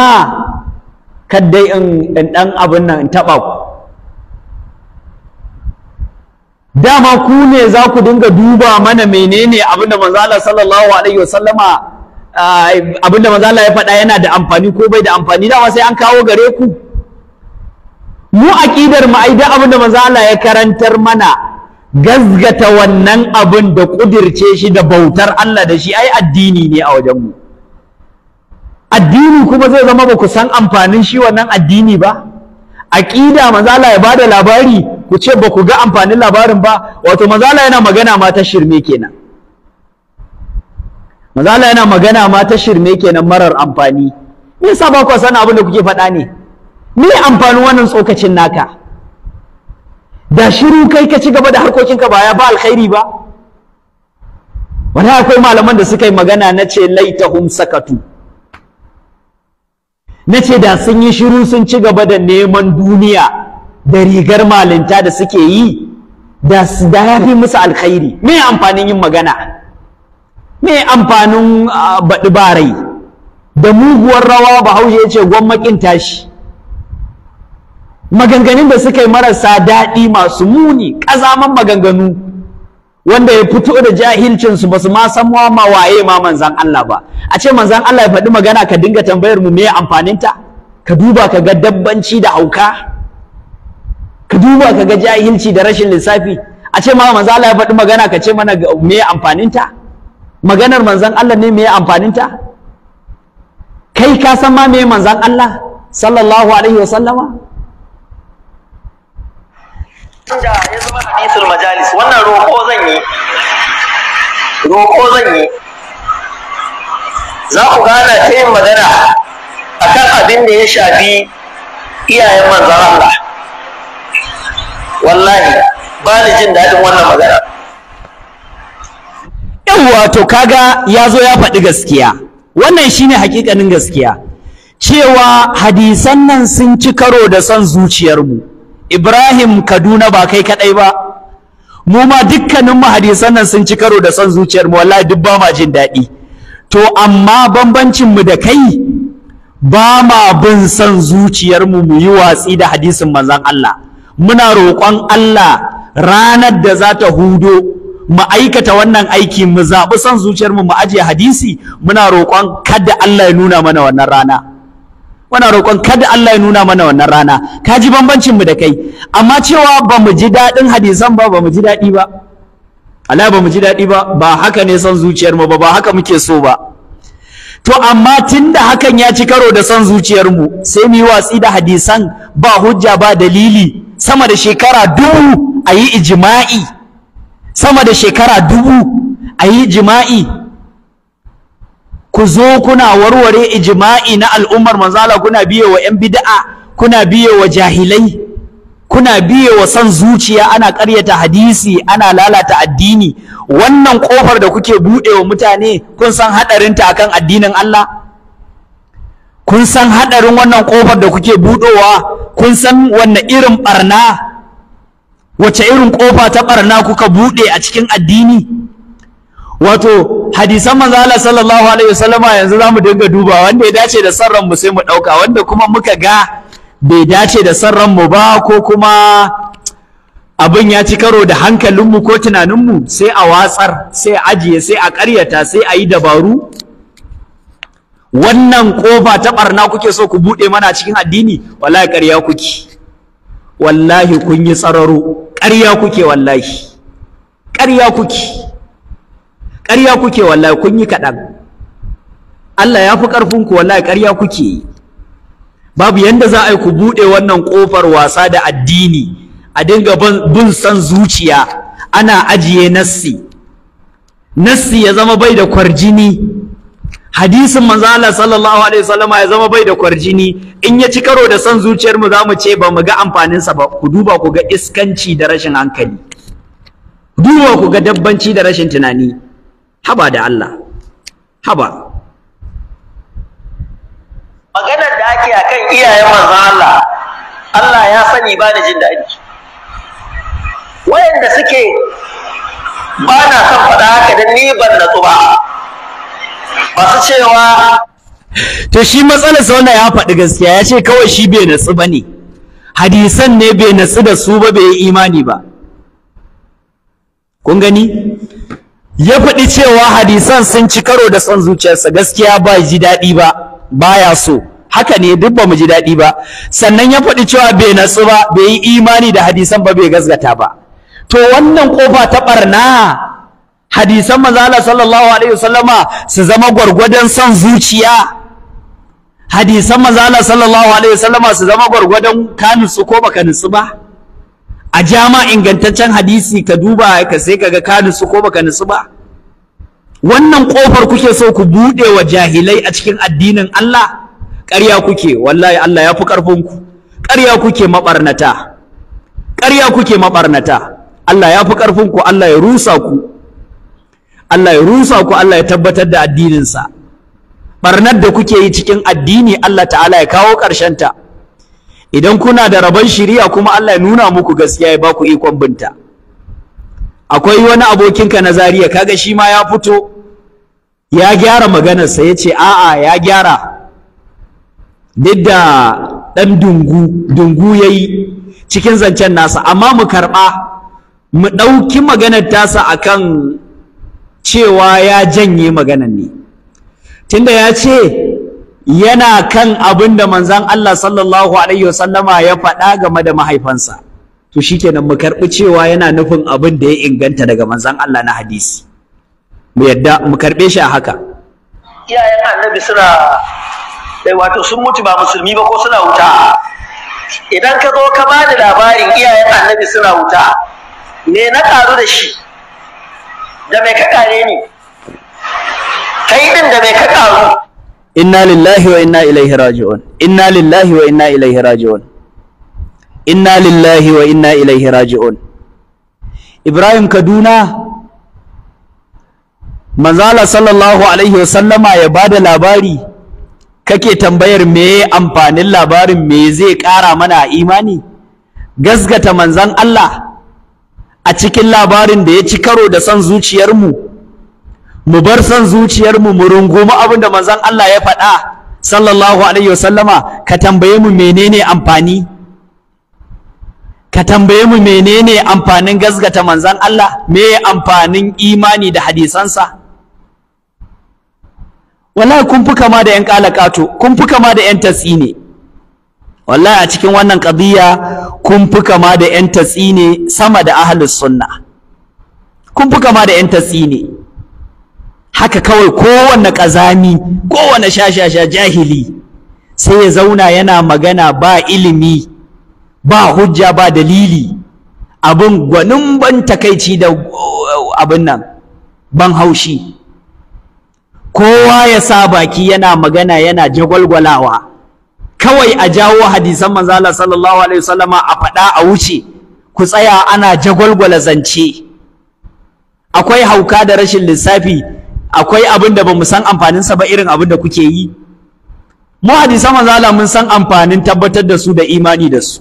kaddai in ɗan abin nan in taɓa ku dama ku ne za ku dinga duba mana menene abinda da manzo Allah sallallahu alaihi wasallama abinda manzo Allah ya faɗa yana da amfani ko bai da amfani dama sai an kawo gare ku mu aqidar mu ai da abinda manzo Allah ya karantar mana gazgata wannan abin da ƙudirce shi da bautar Allah da shi ai addini ne a wajen mu addini kuma zai zama ba ku san amfanin shi wannan addini ba aqida manzo Allah ya bada labari ku ce ba ku ga amfanin labarin ba wato manzo Allah yana magana ma ta shirme kenan manzo Allah yana magana ma ta shirme kenan marar amfani me yasa ba ku san abin da kuke faɗa ne me amfanin wannan tsokacin naka da shiru kai ka ci gaba da harkokinka ba ya ba alkhairi ba wani akwai malaman da suka yi magana na ce laitahum sakatu na ce da sun yi shiru sun ci gaba da neman duniya da rigar malinta da suke yi da ya fi musu alkhairi me amfanin yin magana me amfanin baɗi barai da muguwar rawa bahaushe ya ce gwammakin tashi maganganun da suka yi marasa daɗi masu muni ƙazaman maganganu wanda ya fito da jahilcinsu ba su ma san ma waye ma manzan Allah ba a ce manzan Allah ya faɗi magana ka dinga tambayar mu me amfaninta ka duba ka ga dabbanci da hauka ka duba ka ga jahilci da rashin lissafi a ce ma manzan Allah ya faɗi magana ka ce mana me ta maganar manzan Allah ne mai amfanin ta kai ka san ma mai manzan Allah sallallahu alaihi wa sallama da ya zama hadisul majalis wannan roƙo zan yi roƙo zan yi za ku gana ta yin magana a kan abin da ya shafi iyayen manzan Allah wallahi ba ni jin daɗin wannan magana Yau to kaga ya zo ya faɗi gaskiya wannan shine hakikanin gaskiya cewa hadisan nan sun ci karo da son zuciyarmu Ibrahim Kaduna ba kai kaɗai ba mu ma dukkanin mu hadisan nan sun ci karo da son zuciyarmu wallahi duk ba ma jin daɗi to amma bambancin mu da kai ba ma bin son zuciyarmu mu yi watsi da hadisin manzon Allah muna roƙon Allah ranar da za ta hudo mu aikata wannan aiki mu zaɓi son zuciyarmu mu ajiye hadisi muna roƙon kada Allah ya nuna mana wannan rana muna roƙon kada Allah ya nuna mana wannan rana ka ji bambancin mu da kai amma cewa ba mu ji daɗin hadisan ba ba mu ji daɗi ba Allah ba mu ji daɗi ba ba haka ne son zuciyar ba ba haka muke so ba to amma tunda hakan ya ci karo da son zuciyarmu sai mu yi watsi da hadisan ba hujja ba dalili sama da shekara dubu a yi ijima'i sama da shekara dubu a yi jima'i ku zo kuna warware ijima'i na al'ummar manzala kuna biye wa 'yan bida'a kuna biye wa jahilai kuna biye wa son zuciya ana ƙaryata hadisi ana lalata addini wannan ƙofar da kuke buɗe wa mutane kun san haɗarinta akan addinin Allah kun san haɗarin wannan ƙofar da kuke buɗowa kun san wanne irin ɓarna wace irin kofa ta barna kuka buɗe a cikin addini wato hadisan manzala sallallahu alaihi wasallama yanzu zamu dinga duba wanda ya dace da sarran mu sai mu ɗauka, wanda kuma muka ga bai dace da sarran mu ba ko kuma abin ya ci karo da hankalinmu ko tunaninmu sai a watsar sai a ajiye sai a ƙaryata sai a yi dabaru wannan ƙofa ta ɓarna kuke so ku buɗe mana cikin addini wallahi ƙarya kuke wallahi kun yi tsararo ƙarya kuke wallahi ƙarya kuke ƙarya kuke wallahi kun yi kaɗan Allah ya fi ƙarfinku wallahi ƙarya kuke yi babu yanda za a yi ku buɗe wannan ƙofar wasa da addini a dinga bin son zuciya ana ajiye nassi nassi ya zama bai da kwarjini hadisin manzala sallallahu alaihi wasallama ya zama bai da kwarjini in ya ci karo da san zuciyar mu zamu ce ba mu ga amfanin sa ba ku duba ku ga iskanci da rashin hankali duba ku ga dabbanci da rashin tunani haba da Allah haba maganar da ake akan iyayen manzo Allah Allah ya sani ba da jin daɗi wayanda suke ba na son faɗa haka dan ni ban natsu ba masu cewa to shi matsalar wannan ya faɗi gaskiya ya ce kawai shi bai natsu ba ne hadisan ne bai natsu da su ba bai yi imani ba kun gani ya faɗi cewa hadisan sun ci karo da son zuciyarsa gaskiya ba ji daɗi ba baya so haka ne duk ba mu ji daɗi ba sannan ya faɗi cewa bai natsu ba bai yi imani da hadisan ba bai gasgata ba to wannan kofa ta ɓarna hadisan manzala sallallahu alaihi wasallama su zama gwargwadon son zuciya hadisan manzala sallallahu alaihi wasallama su zama gwargwadon ka nutsu ko baka nutsu ba a jama'a ingantaccen hadisi ka duba ka sai kaga ka nutsu ko baka nutsu ba wannan kofar kuke so ku bude wa jahilai a cikin addinin Allah ƙarya kuke wallahi Allah ya fi ƙarfinku ƙarya kuke mabarnata ƙarya kuke mabarnata Allah ya fi ƙarfinku Allah ya rusa ku Allah ya rusa ku Allah ya tabbatar da addininsa barnar da kuke yi cikin addini Allah ta'ala ya kawo ta. idan kuna da rabon shiriya kuma Allah ya nuna muku gaskiya ya ba ku ikon binta akwai wani abokinka na zariya kaga shi ma ya fito ya gyara maganarsa ya ce a'a ya gyara duk da ɗan dungu dungu ya yi cikin zancen nasa amma mu karɓa mu ɗauki maganar tasa akan cewa ya janye maganan ne tunda ya ce yana kan abin da manzan Allah sallallahu alaihi wasallama ya faɗa game da mahaifansa to shikenan mu karɓi cewa yana nufin abin da ya inganta daga manzan Allah na hadisi mu yadda mu karɓe shi a haka iyayen annabi suna eh, wato sun mutu ba musulmi ba ko suna wuta idan ka zo ka ba da labarin iyayen annabi suna wuta me na ƙaru da shi da mai kakare ne? ni kai din da mai ka karu inna lillahi wa inna ilaihi raji'un inna lillahi wa inna ilaihi raji'un inna lillahi wa inna ilaihi raji'un Ibrahim Kaduna manzala sallallahu alaihi wa sallama ya bada labari kake tambayar me amfanin labarin me zai kara mana imani gasgata manzan Allah a cikin labarin da ya ci karo da son zuciyarmu mu bar son zuciyarmu mu rungumi abin da manzon Allah ya faɗa sallallahu alaihi wasallama ka tambaye mu menene amfani ka tambaye mu menene amfanin gazgata manzon Allah me amfanin imani da hadisansa wallahi kun fi kama da 'yan kalakato kun fi kama da 'yan tatsi ne wallahi a cikin wannan qadiyya kun fi kama da yan tatsine sama da ahlus sunna kun fi kama da yan tatsine haka kawai kowanne kazami kowanne shashasha jahili sai ya zauna yana magana ba ilimi ba hujja ba dalili abin gwanin ban takaici da uh, abin nan ban haushi kowa ya sa baki yana magana yana jagwalgwalawa kawai a jawo hadisan manzo Allah sallallahu alaihi wasallama a faɗa a wuce ku tsaya ana jagwalgwala zance akwai hauka da rashin lissafi akwai abin da bamu san amfanin sa ba irin abin da kuke yi mu hadisan manzo Allah mun san amfanin tabbatar da su da imani da su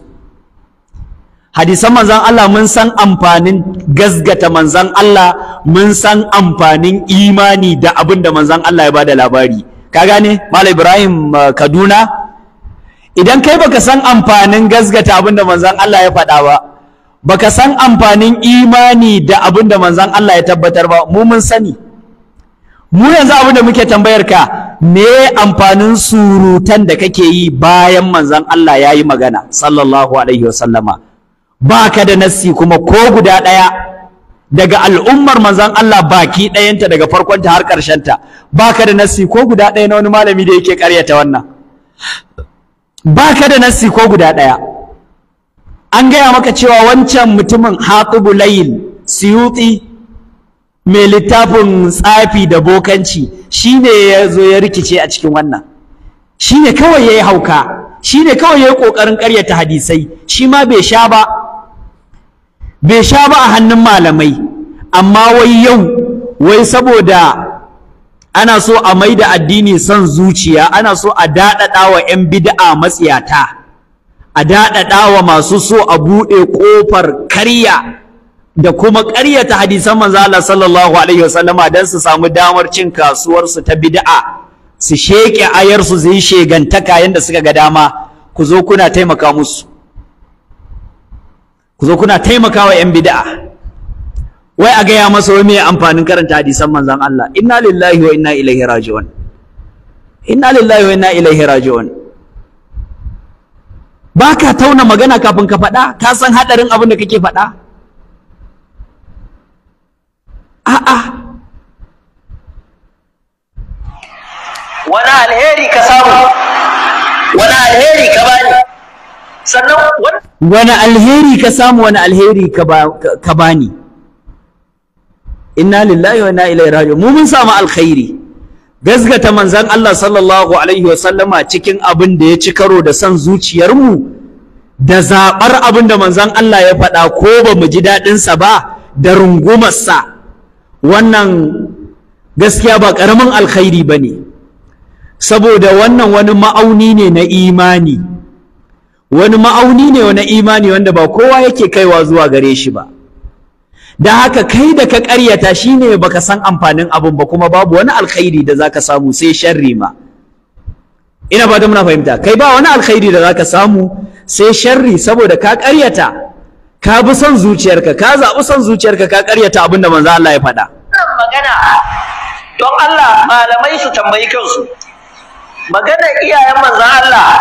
hadisan manzan Allah mun san amfanin gazgata manzan Allah mun san amfanin imani da abin da manzan Allah ya bada labari ka gane Malam Ibrahim eh, Kaduna idan kai baka san amfanin gasgata abin da manzon Allah ya faɗa ba baka san amfanin imani da abin da manzon Allah ya tabbatar ba mu mun sani mu yanzu abin da muke tambayar ka me amfanin surutan da kake yi bayan manzon Allah ya yi magana sallallahu alaihi wasallama ba ka da nassi kuma ko guda ɗaya daga al'ummar manzan Allah baki ɗayanta daga farkonta har ƙarshenta ba ka da nassi ko guda ɗaya na wani malami da yake ƙaryata wannan ba ka da nassi ko guda ɗaya an gaya maka cewa wancan mutumin haƙubu layin siyuti mai littafin tsafi da bokanci shi ne ya zo ya rikice a cikin wannan shi ne kawai ya yi hauka shi ne kawai ya yi ƙoƙarin ƙaryata hadisai shi ma bai sha ba bai sha ba a hannun malamai amma wai yau wai saboda ana so a maida addini son zuciya ana so a daɗaɗa wa 'yan bid'a matsiyata a daɗaɗa wa masu so a buɗe ƙofar karya da kuma ta hadisan manzo Allah sallallahu alaihi wasallama don su samu damar cin kasuwarsu ta bid'a su sheƙe ayarsu su yi shegantaka yanda suka ga dama ku zo kuna taimaka musu ku zo kuna taimaka wa 'yan bid'a wai a gaya masa wai mai amfanin karanta hadisan manzan Allah inna lillahi wa inna ilaihi raji'un inna lillahi wa inna ilaihi raji'un ba ka tauna magana kafin ka faɗa ka san haɗarin abin da kake faɗa a'a wani alheri ka samu wani alheri ka bani sannan wani alheri ka samu wani alheri ka bani inna lillahi wa inna ilaihi raji'un mu mun samu alkhairi gasgata manzon Allah sallallahu alaihi wa sallama cikin abin da ya ci karo da san zuciyarmu da zabar abin da manzon Allah ya faɗa ko ba mu ji daɗin sa ba da rungumarsa wannan gaskiya ba ƙaramin alkhairi ba ne saboda wannan wani ma'auni ne na imani wani ma'auni ne na imani wanda ba kowa yake kaiwa zuwa gare shi ba da haka kai da ka ƙaryata shi ne ba ka san amfanin abin ba kuma babu wani alkhairi da za ka samu sai sharri ma ina ba da muna fahimta kai ba wani alkhairi da za ka samu sai sharri saboda ka ƙaryata ka bi son zuciyarka ka zaɓi son zuciyarka ka ƙaryata abin da manzo Allah ya faɗa magana don Allah malamai su tambayi kansu Maganar iyayen manzo Allah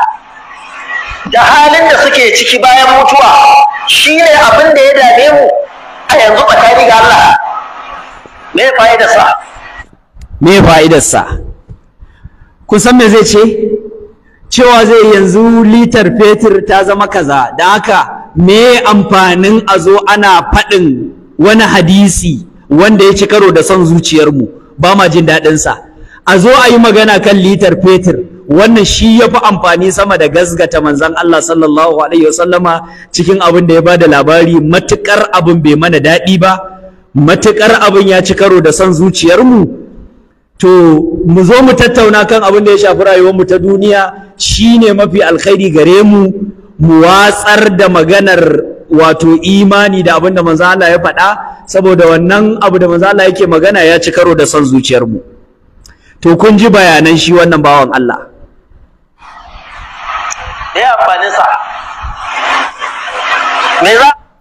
da halin da suke ciki bayan mutuwa shi ne abin da ya dame mu a yanzu tsakani ga Allah me fa'idarsa me fa'idarsa kun me zai ce cewa zai yanzu litar fetur ta zama kaza da haka me amfanin a zo ana faɗin wani hadisi wanda ya ci karo da son zuciyarmu ba ma jin daɗinsa a zo a yi magana kan litar fetur wannan shi ya fi amfani sama da gazgata manzan Allah sallallahu alaihi wasallama cikin abin da ya ba da labari matuƙar abin bai mana daɗi ba matuƙar abin ya ci karo da son zuciyarmu to mu zo mu tattauna kan abin da ya shafi rayuwarmu ta duniya shine mafi alkhairi gare mu mu watsar da maganar wato imani da abin da manzo Allah ya faɗa saboda wannan abu da manzo Allah yake magana ya ci karo da son zuciyarmu to kun ji bayanan shi wannan bawan Allah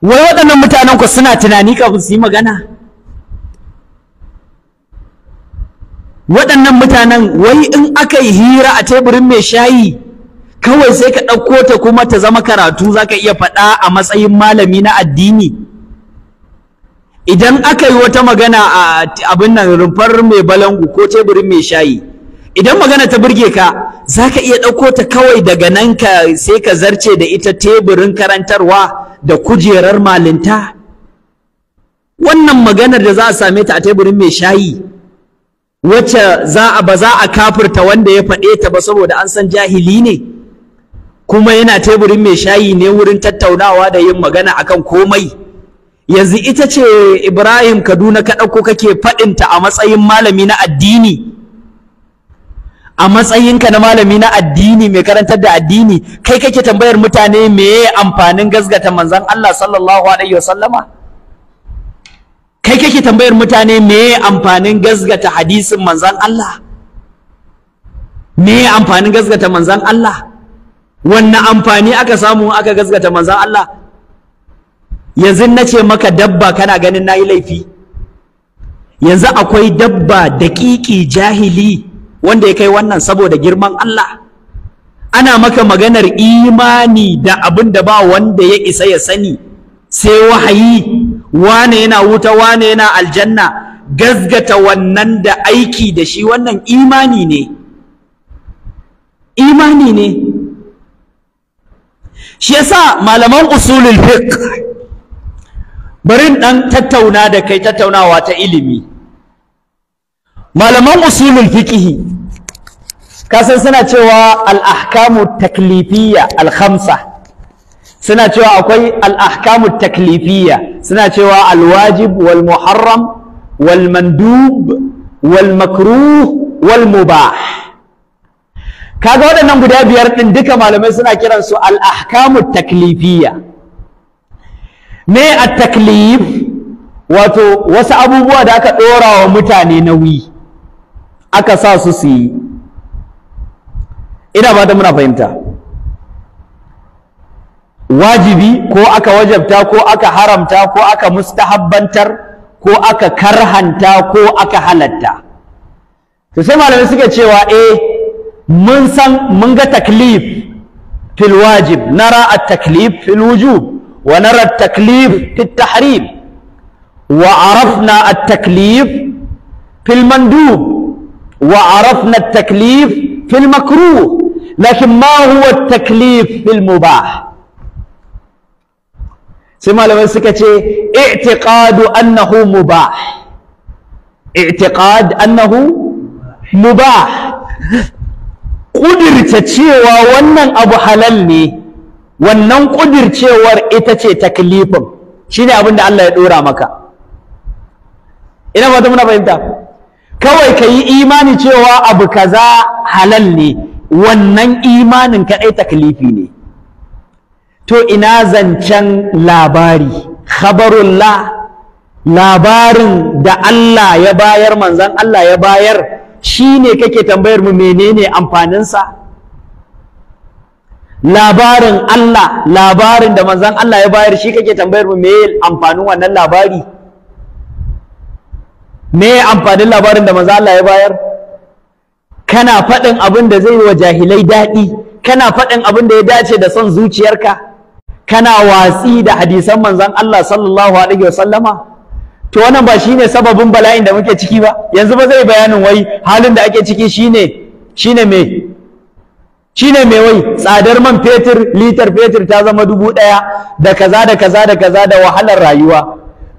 wai waɗannan mutanen ku suna tunani kafin su yi magana waɗannan mutanen wai in aka yi hira a teburin mai shayi kawai sai ka ɗauko ta kuma ta zama karatu za ka iya faɗa a matsayin malami na addini idan aka yi wata magana a abin nan rumfar mai balangu ko teburin mai shayi idan magana ta burge ka za ka iya ɗauko ta kawai daga nan ka sai ka zarce da ita teburin karantarwa da kujerar malinta wannan maganar da za a same ta a teburin mai shayi wacce za a ba za a kafirta wanda ya faɗe ta ba saboda an san jahili ne kuma yana teburin mai shayi ne wurin tattaunawa da yin magana akan komai yanzu ita ce ibrahim kaduna ka ɗauko kake faɗinta a matsayin malami na addini a matsayinka na malami na addini mai karantar da addini kai kake tambayar mutane meye amfanin gazgata manzon Allah sallallahu alaihi wasallama kai kake tambayar mutane meye amfanin gazgata hadisin manzon Allah meye amfanin gazgata manzon Allah Wannan amfani aka samu aka gazgata manzon Allah yanzu na ce maka dabba kana ganin na yi laifi yanzu akwai dabba daƙiƙi jahili wanda ya kai wannan saboda girman Allah ana maka maganar imani da abin da ba wanda ya isa ya sani sai wahayi wane yana wuta wane yana aljanna gazgata wannan da aiki da shi wannan imani ne imani ne shi yasa malaman usulul fiqh barin ɗan tattauna da kai tattaunawa ta ilimi malaman usulul fikihi. kasan suna cewa al'ahkamu taklifiyya al-khamsa suna cewa akwai al-ahkamu taklifiyya suna cewa al-wajib wal muharram wal mandub wal makruh wal mubah kaga waɗannan guda biyar ɗin duka malamai suna kiransu al-ahkamu taklifiyya me at-taklif wato wasu abubuwa da aka ɗora wa mutane nauyi aka sa su su yi ina ba da muna fahimta wajibi ko aka wajabta ko aka haramta ko aka mustahabbantar ko aka karhanta ko aka halatta to sai malami suke cewa eh mun san mun ga taklif fil wajib nara at taklif fil wujub wa nara at taklif fit tahrim wa arafna at taklif fil mandub wa arafna at taklif fil makruh lakin ma huwa taklif bil mubah sai malamai suka ce i'tiqadu annahu mubah i'tiqad annahu mubah cewa wannan abu halal ne wannan kudircewar ita ce taklifin shine abin Allah ya ɗora maka ina ba fahimta kawai ka yi imani cewa abu kaza halal ne wannan imanin kaɗai taklifi ne to ina zancen labari khabarullah labarin da Allah ya bayar manzan Allah ya bayar shi ne kake tambayar mu menene amfaninsa labarin Allah labarin da manzan Allah ya bayar shi kake tambayar mu me amfanin wannan labari me amfanin labarin da manzan Allah ya bayar kana faɗin abin da zai wa jahilai daɗi kana faɗin abin da ya dace da son zuciyarka kana watsi da hadisan manzon Allah sallallahu alaihi wasallama to wannan ba shine sababin bala'in da muke ciki ba yanzu ba zai bayanin wai halin da ake ciki shine shine me shine me wai tsadar man fetur litar fetur ta zama dubu ɗaya da kaza da kaza da kaza da wahalar rayuwa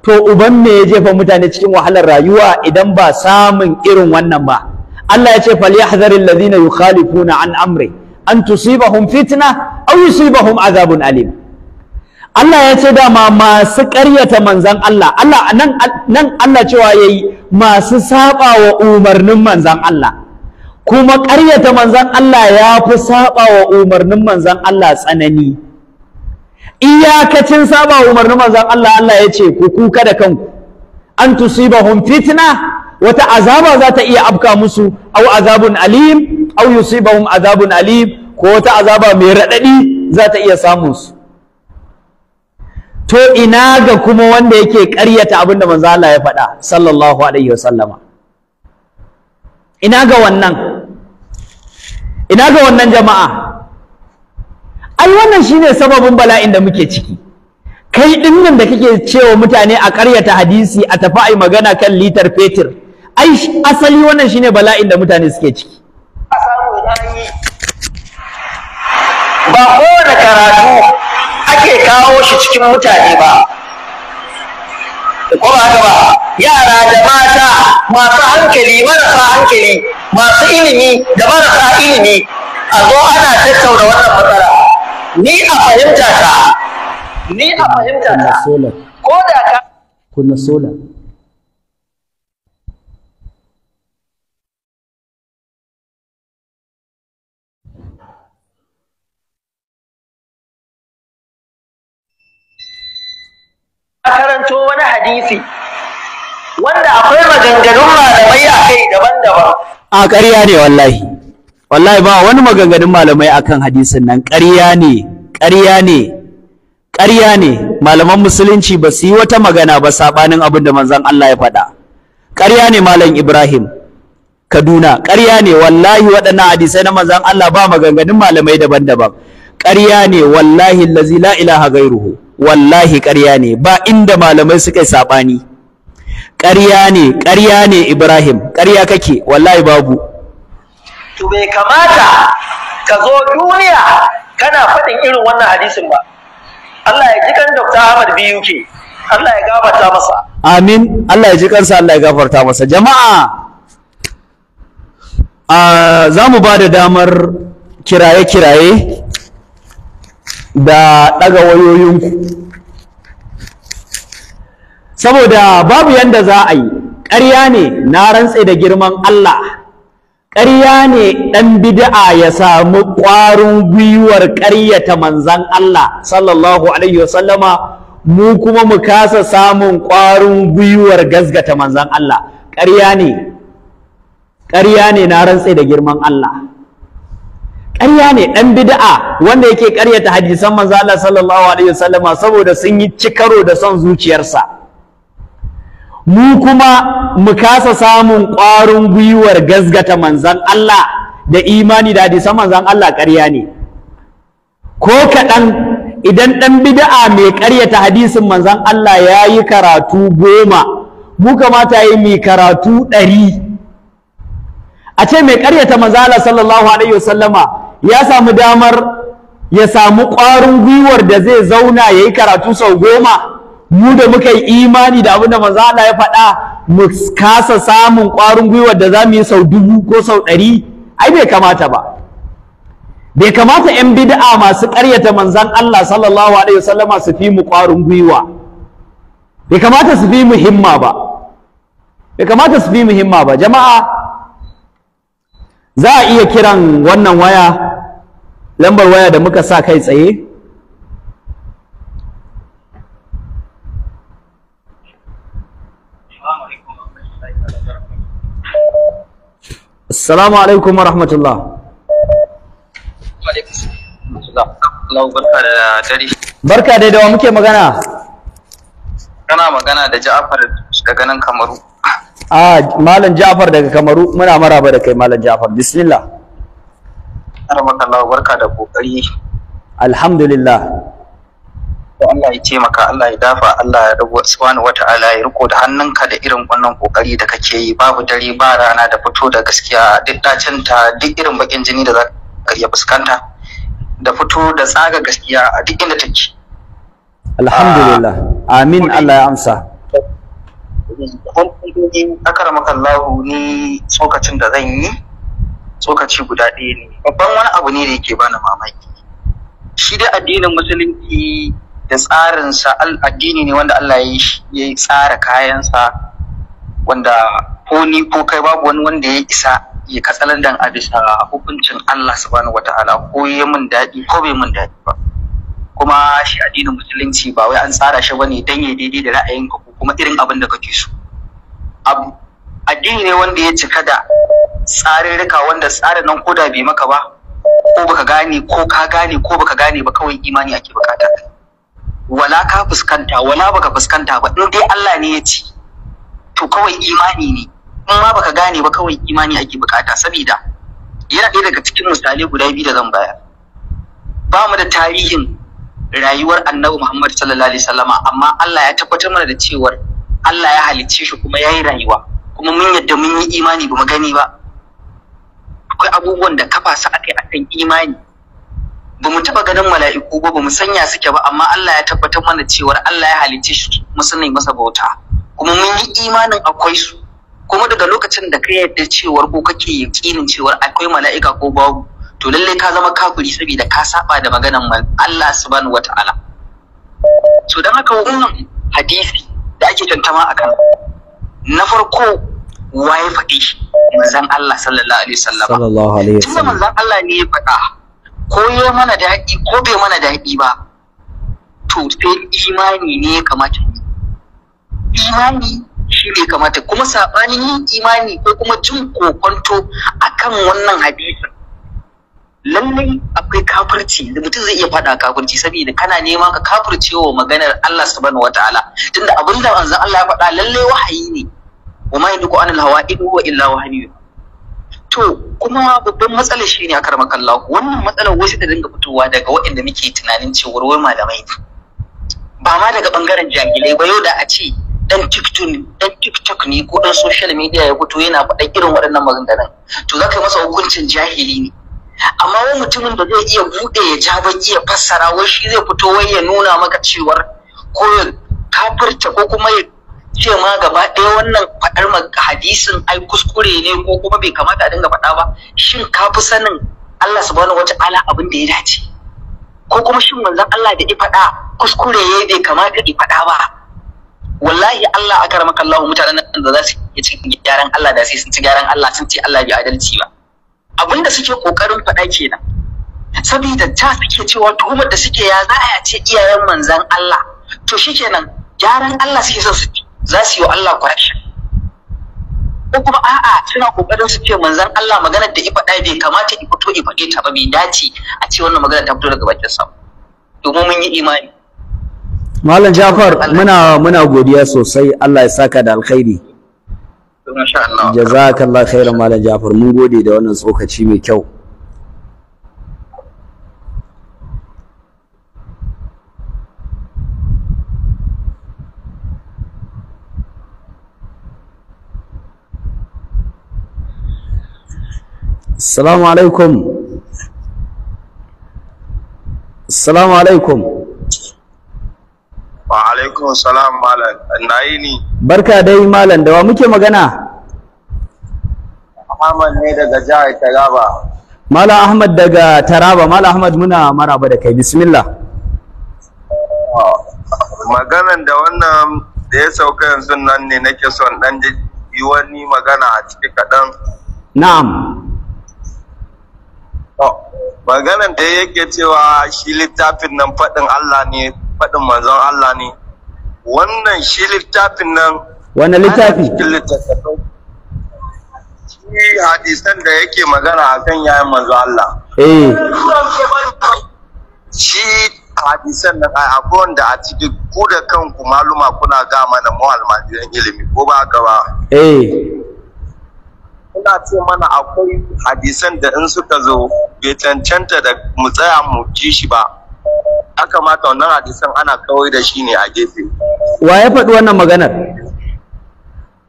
to uban me ya jefa mutane cikin wahalar rayuwa idan ba samun irin wannan ba Allah ya ce falyahzaril ladina yukhalifuna an amri an tusibahum fitna aw yusibahum azabun alim Allah ya ce dama masu ƙaryata manzan Allah Allah nan nan Allah cewa yayi masu saba wa umarnin manzan Allah kuma ƙaryata manzan Allah ya fi saba wa umarnin manzan Allah tsanani iyakacin saba wa umarnin manzan Allah Allah ya ce ku kuka da kanku an tusibahum fitna wata azaba za ta iya afka musu au azabun alim au yusibahum azabun alim ko wata azaba mai raɗaɗi za ta iya samun su to ina ga kuma wanda yake ƙaryata abinda manzo Allah ya faɗa sallallahu alaihi wasallama ina ga wannan ina ga wannan jama'a ai wannan shine sababin bala'in da muke ciki kai dinnan da kake cewa mutane a ƙaryata hadisi a tafi ai magana kan litar fetur ai asali wannan shine bala'in da mutane suke ciki ba kowane karatu ake kawo shi cikin mutane ba ko ba ba yara da mata masu hankali marasa hankali masu ilimi da marasa ilimi a zo ana tattauna wannan matsala ni a fahimta ta ni a fahimta ta ko da ka kuna sola karanto wani hadisi wanda akwai maganganun malamai a kai daban-daban a ƙarya ne wallahi wallahi ba wani maganganun malamai akan hadisin nan ƙarya ne ƙarya ne ƙarya ne malaman musulunci ba su yi wata magana ba saɓanin abin da manzon Allah ya faɗa ƙarya ne malam Ibrahim Kaduna ƙarya ne wallahi waɗannan hadisai na manzon Allah ba maganganun malamai daban-daban ƙarya ne wallahi Lazila, la ilaha gairuhu wallahi ƙarya ne ba inda malamai suka yi saɓani ƙarya ne ƙarya ne ibrahim ƙarya kake wallahi babu to bai kamata ka zo duniya kana faɗin irin wannan hadisin ba Allah ya ji kan Dr. Ahmad buk Allah ya gafarta masa amin Allah ya ji kansa Allah ya gafarta masa jama'a za mu ba da damar kiraye-kiraye da ɗaga wayoyinku saboda babu yanda za a yi ƙarya ne na rantse da girman Allah ƙarya ne ɗan bid'a ya samu ƙwarin gwiwar ƙaryata manzan Allah sallallahu alaihi wasallama mu kuma mu kasa samun ƙwarin gwiwar gazgata manzan Allah ƙarya ne ƙarya ne na rantse da girman Allah ƙarya ne ɗan bida'a wanda yake ƙaryata hadisan manzo Allah sallallahu alaihi wasallama saboda sun yi cikaro da son zuciyarsa mu kuma mu kasa samun ƙwarin gwiwar gazgata manzan Allah da imani da hadisan manzan Allah ƙarya ne ko kaɗan idan ɗan bida'a mai ƙaryata hadisin manzan Allah ya yi karatu goma mu kamata yi mai karatu ɗari a ce mai ƙaryata manzala sallallahu alaihi wasallama ya samu damar ya samu ƙwarin gwiwar da zai zauna ya yi karatu sau goma mu da muka yi imani da abin da manzo Allah ya faɗa mu kasa samun ƙwarin gwiwar da za mu yi sau dubu ko sau ɗari ai bai kamata ba bai kamata 'yan bida'a masu ƙaryata manzan Allah sallallahu alaihi wasallama su fi mu ƙwarin gwiwa bai kamata su fi mu himma ba bai kamata su fi mu himma ba jama'a za a iya kiran wannan waya lambar waya da muka sa kai tsaye Assalamu alaikum wa rahmatullah. Barka da dawa wa muke magana? Kana magana da Ja'afar daga nan Kamaru. a ah, malam Ja'far daga Kamaru muna maraba da kai malam Ja'far bismillah Allah barka da kokari alhamdulillah to Allah ya taimaka Allah ya dafa Allah ya rabu subhanahu wata'ala ya riko da hannunka da irin wannan kokari da kake yi babu dare ba rana da fito da gaskiya duk dacinta duk irin bakin jini da za iya fuskanta da fito da tsaga gaskiya a duk inda take alhamdulillah ah, amin Allah ya amsa babban fa'idodi akara makallahu ni tsokacin da zan yi tsokaci guda ɗaya ne babban wani abu ne da yake bani mamaki shi dai addinin musulunci da tsarinsa addini ne wanda Allah ya tsara kayansa wanda ko ni ko kai babu wani wanda ya isa ya katsalandan a bisa hukuncin Allah subhanahu wataala ko ya mun daɗi ko bai mun daɗi ba kuma shi addinin musulunci ba wai an tsara shi bane dan ya daidai da ra'ayinka ko kuma irin abin da kake so addini ne wanda ya cika da tsarirrika wanda tsarin nan koda bai maka ba ko baka gane ko ka gane ko baka gane ba kawai imani ake bukata wala ka fuskanta wala baka fuskanta ba in dai Allah ne ya ci to kawai imani ne in ma baka gane ba kawai imani ake bukata saboda yana ɗaya daga cikin misalai guda biyu da zan bayar ba mu da tarihin rayuwar annabi Muhammad sallallahu alaihi wasallama amma Allah ya tabbatar mana da cewar Allah ya halicce shi kuma ya yi rayuwa kuma mun yadda mun yi imani ba mu gani ba akwai abubuwan da kafa su akai akan imani ba mu taba ganin mala'iku ba ba mu sanya suke ba amma Allah ya tabbatar mana cewar Allah ya halicce shi mu sanai masa bauta kuma mun yi imanin akwai su kuma daga lokacin da ka yadda cewar ko kake yakinin cewar akwai mala'ika ko babu to lalle ka zama kafiri saboda ka saba da maganan Allah subhanahu wata'ala so dan haka wannan hadisi da ake tantama akan na farko waye faɗi shi manzon Allah sallallahu alaihi wasallam sallallahu alaihi wasallam manzon Allah ne ya faɗa ko ya mana daɗi ko bai mana daɗi ba to sai imani ne ya kamata imani shi ne kamata kuma sabanin yin imani ko kuma jin kokonto akan wannan hadisin lallai akwai kafirci da mutum zai iya faɗa kafirci saboda kana nema ka wa maganar Allah subhanahu wataala tunda abin da manzon Allah ya faɗa lallai wahayi ne wa ma yanduku anil hawa in huwa illa wahyu to kuma babban matsalar shine a karma kallahu wannan matsalar wasu ta dinga fitowa daga waɗanda muke tunanin cewa wai malamai ne ba ma daga bangaren jahilai ba yau da a ce dan tiktok ne ko dan social media ya fito yana faɗa irin waɗannan maganganun to zaka yi masa hukuncin jahili ne amma wani mutumin da zai iya bude ya ja baki ya fassara wai shi zai fito wai ya nuna maka cewar ko ya kafirta ko kuma ya ce ma gaba ɗaya wannan faɗar hadisin ai kuskure ne ko kuma bai kamata a dinga faɗa ba shin ka fi sanin Allah subhanahu wata'ala abin da ya dace ko kuma shin manzon Allah da ya faɗa kuskure ne bai kamata ya faɗa ba wallahi Allah aka Allah mutanen da za su iya cin gyaran Allah da sai sun ci gyaran Allah sun ce Allah bai adalci ba abinda suke kokarin faɗa kenan saboda ta suke cewa tuhumar da suke ya za a ce iyayen manzan Allah to shikenan gyaran Allah suke son su za su yi wa Allah kwashi ko kuma a'a suna kokarin su ce manzan Allah maganar da ifa bai kamata i fito i dai ta ba bai dace a ce wannan magana ta fito daga bakin sa domin mun yi imani Malam Jafar muna muna godiya sosai Allah ya saka da alkhairi jazakallah khairan malam jafar mun gode da wannan tsokaci mai kyau Assalamu alaikum. Assalamu alaikum. wa alaikum salam malam na yi ni barka dai malam da wa muke magana Ahmad ne daga jihar Taraba Malam Ahmad daga Taraba Malam Ahmad muna maraba da kai bismillah maganan da wannan da ya sauka yanzu nan ne nake son dan yi wani magana a ciki kaɗan na'am maganan da yake cewa shi littafin nan faɗin Allah ne faɗin manzon Allah ne wannan shi littafin nan wani littafi shi hadisan da yake magana a kan yayin manzon Allah eh. shi hadisan nan a abuwan da a ciki ku da kanku maluma kuna ga mana mu almajiran ilimi ko ba ka ba kuna eh. ce mana akwai hadisan da in suka zo bai cancanta da mu tsaya mu ji shi ba aka mata wannan hadisan ana kawai da shi ne a gefe wa ya faɗi wannan maganar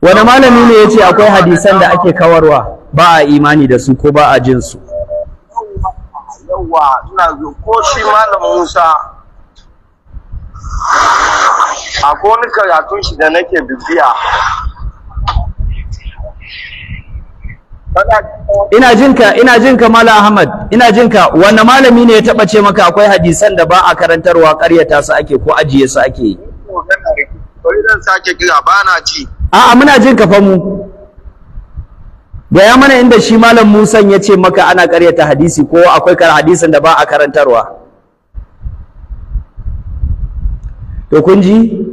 wani malami ne ya ce akwai hadisan da ake kawarwa ba a imani da su ko ba a jin su yawwa, ina zo ko shi malam Musa akwai wani karatun shi da nake bibiya ina jinka ina jinka mala ahmad ina jinka Wanne malami ne ya taba ce maka akwai hadisan da ba a karantarwa karyata su ake ko ajiye su ake yi sake kira ba na ci a'a muna jinka fa mu gaya mana inda shi malam musan ya ce maka ana karyata hadisi ko akwai kar hadisan da ba a karantarwa to kun ji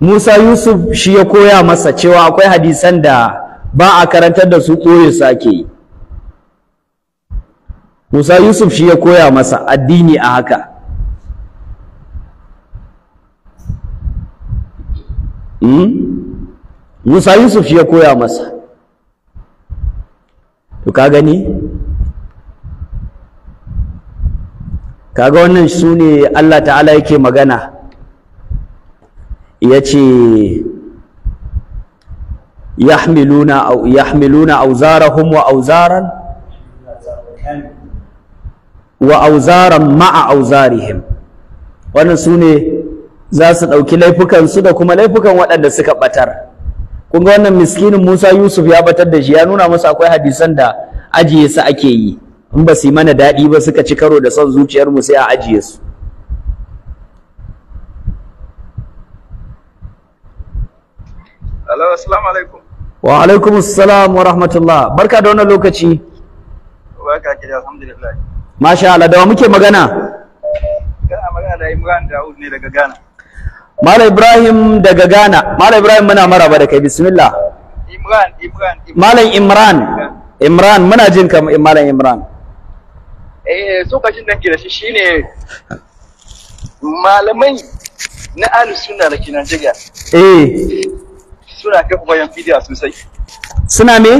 musa yusuf shi ya koya masa cewa akwai hadisan da ba a karantar da su ɓoye sake yi musa yusuf shi ya koya masa addini a haka hmm? musa yusuf shi ya koya masa to ka gani kaga wannan su ne allah ta'ala yake magana ya ce yahmiluna aw yahmiluna awzarahum wa awzaran wa awzaran ma'a awzarihim wannan sune za su ɗauki laifukan su da kuma laifukan waɗanda suka batar kun ga wannan miskinin Musa Yusuf ya batar da shi ya nuna masa akwai hadisan da ajiye su ake yi in ba su yi mana daɗi ba suka ci karo da son zuciyarmu sai a ajiye su Hello, assalamu alaikum. wa alaikum assalam wa rahmatullah barka da wannan lokaci barka ki da alhamdulillah masha Allah da muke magana kana magana da Imran Daud ne daga Ghana Malam Ibrahim daga Ghana Malam Ibrahim muna maraba da kai bismillah Imran Imran Malam Imran Imran muna jin ka Malam Imran eh sokacin nan ke da shi shine malamai na ahlus sunna da kinan jiga eh suna kai ku bidiya sosai suna me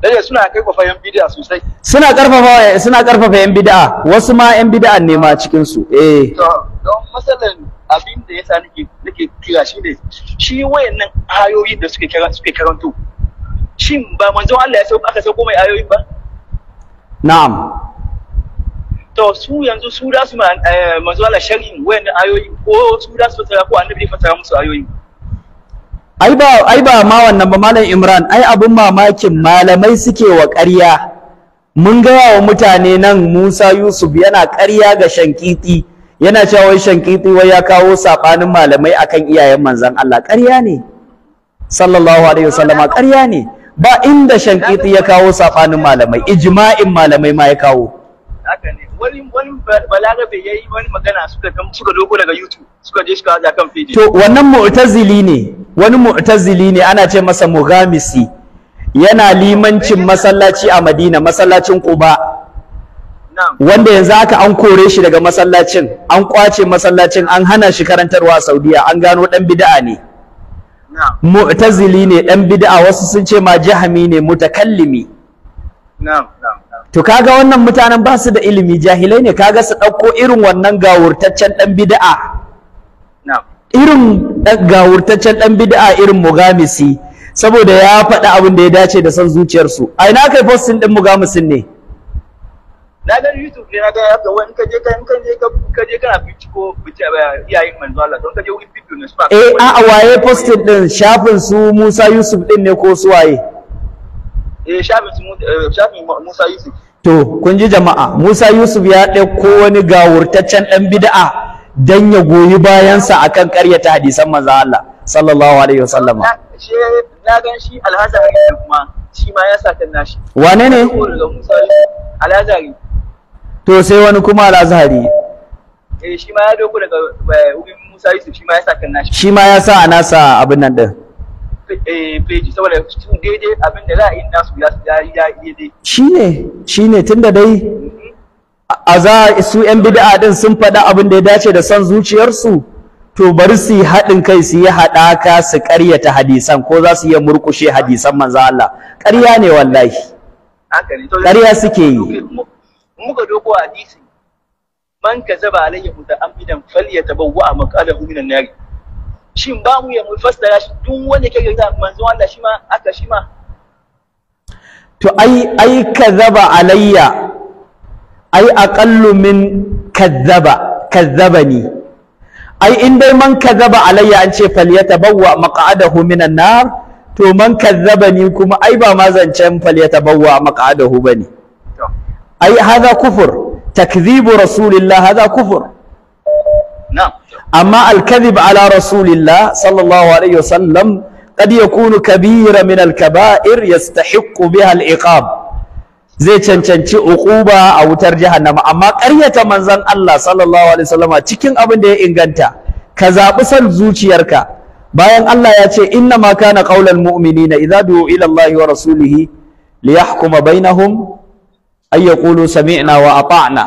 dai suna kai ku bidiya sosai suna karfafa suna karfafa yan bid'a wasu ma yan bid'a ne ma cikin su eh don masalan abin da yasa nake nake kira shi ne shi wayannan ayoyin da suke kira suke karanto shin ba manzon Allah ya sauka aka sauko mai ayoyin ba na'am to su yanzu su da su eh, manzo Allah sharhin wayannan ayoyi ko su da su fasara ko annabi ne fasara musu ayoyin? ai ba ai ba ma wannan ba malam Imran ai abun mamakin malamai suke wa ƙarya mun gaya wa mutane nan Musa Yusuf yana ƙarya ga shankiti yana cewa wai shankiti wai ya kawo saɓanin malamai akan iyayen manzan Allah ƙarya ne sallallahu alaihi wasallam ƙarya ne ba inda shankiti ya kawo saɓanin malamai ijma'in malamai ma ya kawo haka ne wani wani balarabe yayi wani magana suka suka dogo daga YouTube suka je suka haɗa kan fiji to wannan mu'tazili ne wani mu'tazili ne ana ce masa mugamisi yana limancin masallaci a madina masallacin quba wanda yanzu haka an kore shi daga masallacin an kwace masallacin an hana shi karantarwa a saudiya an gano dan bid'a ne mu'tazili ne dan bid'a wasu sun ce ma jahami ne mutakallimi to kaga wannan mutanen ba su da ilimi jahilai ne kaga su ɗauko irin wannan gawurtaccen dan bid'a irin gawurtaccen dan bid'a irin mugamisi saboda ya faɗi abin da ya dace da son zuciyarsu a ina kai postin din mugamisin ne na ga YouTube ne na ga wani kaje ka in kaje ka kaje kana binciko bice iyayen manzo Allah don kaje wani video ne spark eh a waye posted din shafin su Musa Yusuf din ne ko su waye eh shafin su eh, shafin Musa Yusuf to kun ji jama'a Musa Yusuf ya ɗauko wani gawurtaccen ɗan bid'a dan ya goyi bayansa akan karyata hadisan manzon Allah sallallahu alaihi wasallam na gan shi alhazari kuma shi ma ya satan nashi wane ne alhazari to sai wani kuma alhazari eh shi ma ya doko daga eh, wurin Musa Yusuf shi ma ya satan nashi shi ma ya sa a nasa abin nan din feji eh, saboda tun daidai abin da za a yi nasu ya yi daidai shine shine tunda dai a za su yan bid'a din sun faɗa abin da ya dace da son zuciyarsu to bari su yi haɗin kai su yi haɗaka su ƙaryata hadisan ko za su iya murƙushe hadisan manzo Allah ƙarya ne wallahi ƙarya suke yi muka doko hadisi man kazaba alayya muta'ammidan falyatabawwa maqalahu minan nar shin ba mu ya mu fassara shi duk wanda ke yi manzo Allah shi ma aka shi ma to ai ai kazaba alayya أي أقل من كذب كذبني أي إن دي من كذب علي أن شيء فليتبوأ مقعده من النار تو من كذبني كما أي با أن شيء فليتبوأ مقعده بني أي هذا كفر تكذيب رسول الله هذا كفر نعم أما الكذب على رسول الله صلى الله عليه وسلم قد يكون كبيرا من الكبائر يستحق بها العقاب zai cancanci uquba a wutar jahannama amma ƙaryata manzon Allah sallallahu alaihi wasallama cikin abin da ya inganta ka zaɓi san zuciyarka bayan Allah ya ce inna ma kana qaulal mu'minina idza du'u ila Allahi wa rasulihi yahkuma bainahum ay yaqulu sami'na wa ata'na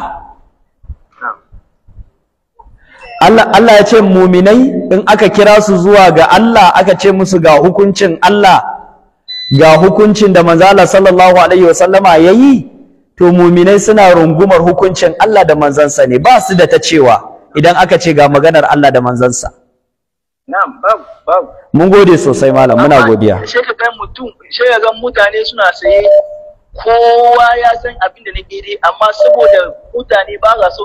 Allah Allah ya ce mu'minai in aka kira su zuwa ga Allah aka ce musu ga hukuncin Allah ga hukuncin da manzala sallallahu alaihi wasallama ya yi to muminai suna rungumar hukuncin Allah da manzansa ne ba su da ta cewa idan aka ce ga maganar Allah da manzansa na'am babu babu mun gode sosai malam muna godiya sai ka ga mutum sai ka ga mutane suna saye kowa ya san abin da na dai amma saboda mutane ba za so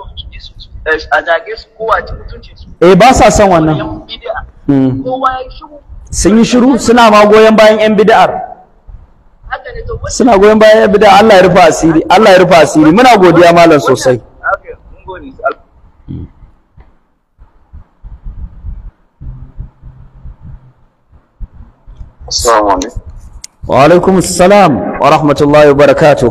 su eh, a zage su kowa a ci su eh ba sa son wannan mm. kowa ya shiru sun yi shiru suna ma goyon bayan yan bid'ar suna goyon bayan bid'a Allah ya rufa asiri Allah ya rufa asiri muna godiya malam sosai Assalamu alaikum. Wa alaikum assalam wa rahmatullahi wa barakatuh.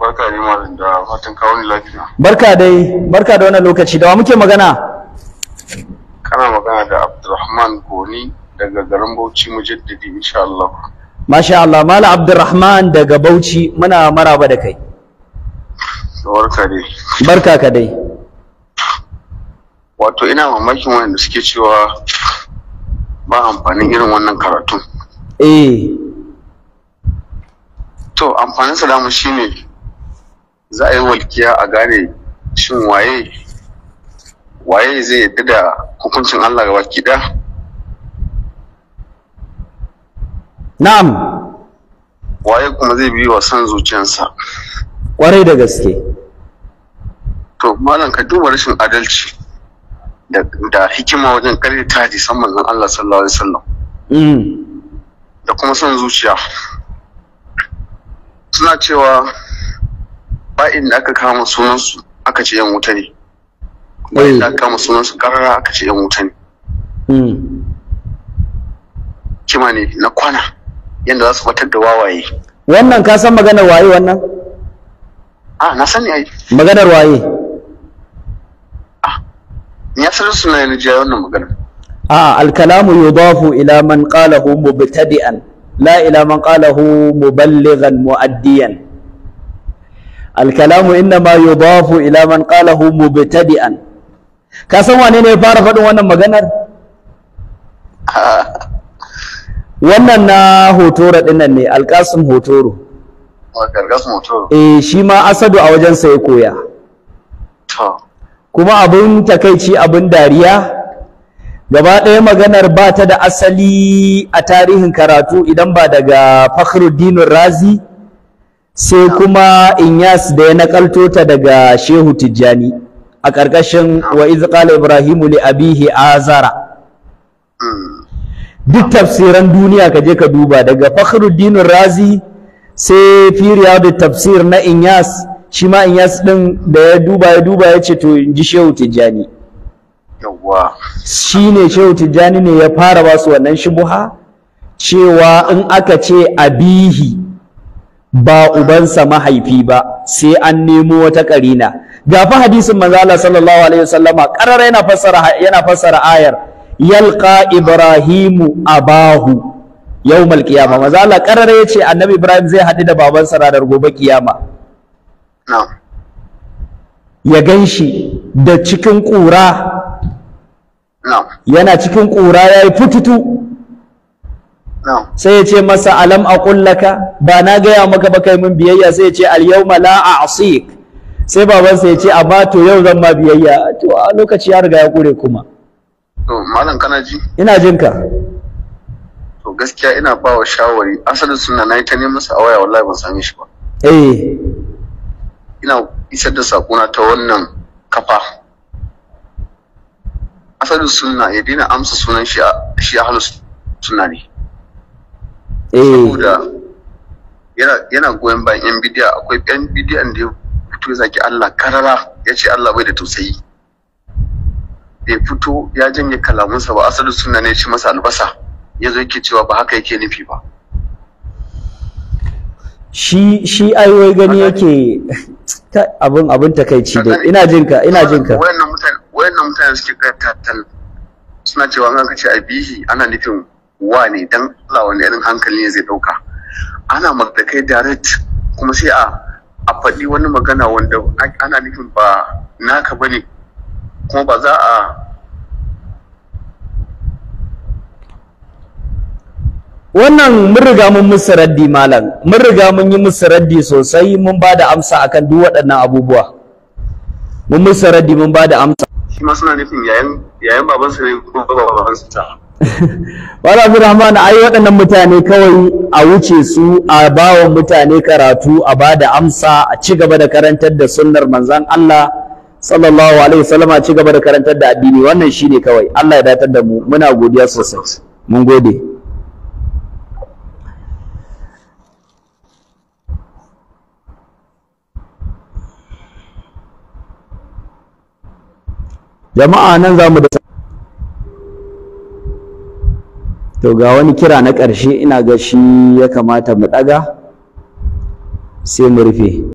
Barka ne malam da fatan kawo ni lafiya. Barka dai, barka da wannan lokaci da wa muke magana? Kana magana da Abdulrahman Goni daga garin Bauchi Mujaddidi insha Allah. masha Allah mala abdurrahman daga bauchi muna maraba da kai barka dai barka ka dai wato ina mamakin wanda suke cewa ba amfanin irin wannan karatu eh to amfanin salamu shine za a yi walkiya a gane shin waye waye zai yadda da hukuncin Allah ga baki ɗaya na'am waye kuma zai bi wa san zuciyarsa kwarai da gaske to malam ka duba rashin adalci da hikima wajen ta taji san manzon Allah sallallahu alaihi wasallam mm. da kuma son zuciya suna cewa ba'in da aka kama sunansu aka ce yan wuta ne ba'in da aka kama sunansu karara aka ce yan wuta ne mm. kima ne na kwana yadda za su batar da wawaye wannan ka san maganar waye wannan a na sani ai maganar waye ya san su na nijiya wannan maganar a alkalamu yudafu ila man qalahu mubtadi'an la ila man qalahu muballighan muaddiyan alkalamu innama yudafu ila man qalahu mubtadi'an ka san wane ne ya fara faɗin wannan maganar wannan na hotoro dinnan ne alkasim hotoro eh shi ma asadu a wajen sa ya koya kuma abin takaici abin dariya gaba ɗaya maganar ba ta da asali a tarihin karatu idan ba daga fakhruddin razi sai kuma inyas da ya nakalto ta daga shehu tijjani a ƙarƙashin wa iz qala ibrahimu li abihi azara hmm. duk tafsiran duniya ka je ka duba daga fakhruddin razi sai firiya da tafsir na inyas shi ma inyas din da ya duba ya duba ya ce to in ji shehu tijjani yawa shi ne shehu tijjani ne ya fara ba wannan shubuha cewa in aka ce abihi ba ubansa mahaifi ba sai an nemo wata karina ga fa hadisin manzo Allah sallallahu alaihi wasallama karara yana fassara yana fassara ayar yalqa ibrahimu abahu yawmal qiyama maza Allah yace annabi ibrahim zai hadu da babansa ranar gobe kiyama ya ganshi da cikin ƙura yana cikin ƙura yayi yi na'am sai yace masa alam a kullaka ba na gaya maka ba kai mun biyayya sai yace ce yawma la a'sik sai babansa ya ce amma to yau zan ma biyayya to a lokaci ya riga ya kure kuma to malam kana ji ina jin ka to gaskiya ina ba wa shawari asalin suna na ta neman sa a waya wallahi ban same shi ba eh ina isar da na ta wannan kafa asalin suna ya daina amsa sunan shi shi ahlus sunna ne eh. saboda yana yana goyon bayan yan bidiya akwai yan bidiyan da ya fito zaki Allah karara ya ce Allah bai da tausayi ya fito ya janye kalamunsa ba asalin suna ne shi masa albasa ya zo yake cewa ba haka yake nufi ba shi shi ayoyi gani yake abin abin takaici da ina jin ka ina jin ka wayannan mutane wayannan mutane suke kai tattal suna cewa an ka ce a bihi ana nufin wa ne dan Allah wani irin hankali ne zai dauka ana magda direct kuma sai a a faɗi wani magana wanda ana nufin ba naka bane ko ba za a wannan mun riga mun musu raddi malam mun riga mun yi musu raddi sosai mun ba da amsa akan duk waɗannan abubuwa mun musu raddi mun ba da amsa shi ma suna nufin yayin baban su ne ko su ta wala Abdurrahman ai waɗannan mutane kawai a wuce su a bawa mutane karatu a ba da amsa a ci gaba da karantar da sunnar manzon Allah sallallahu alaihi wasallama a gaba da karantar da addini wannan shine kawai Allah ya datar da mu muna godiya sosai mun gode jama'a nan zamu mu da to ga wani kira na ƙarshe ina ga shi ya kamata mu ɗaga sai mu rufe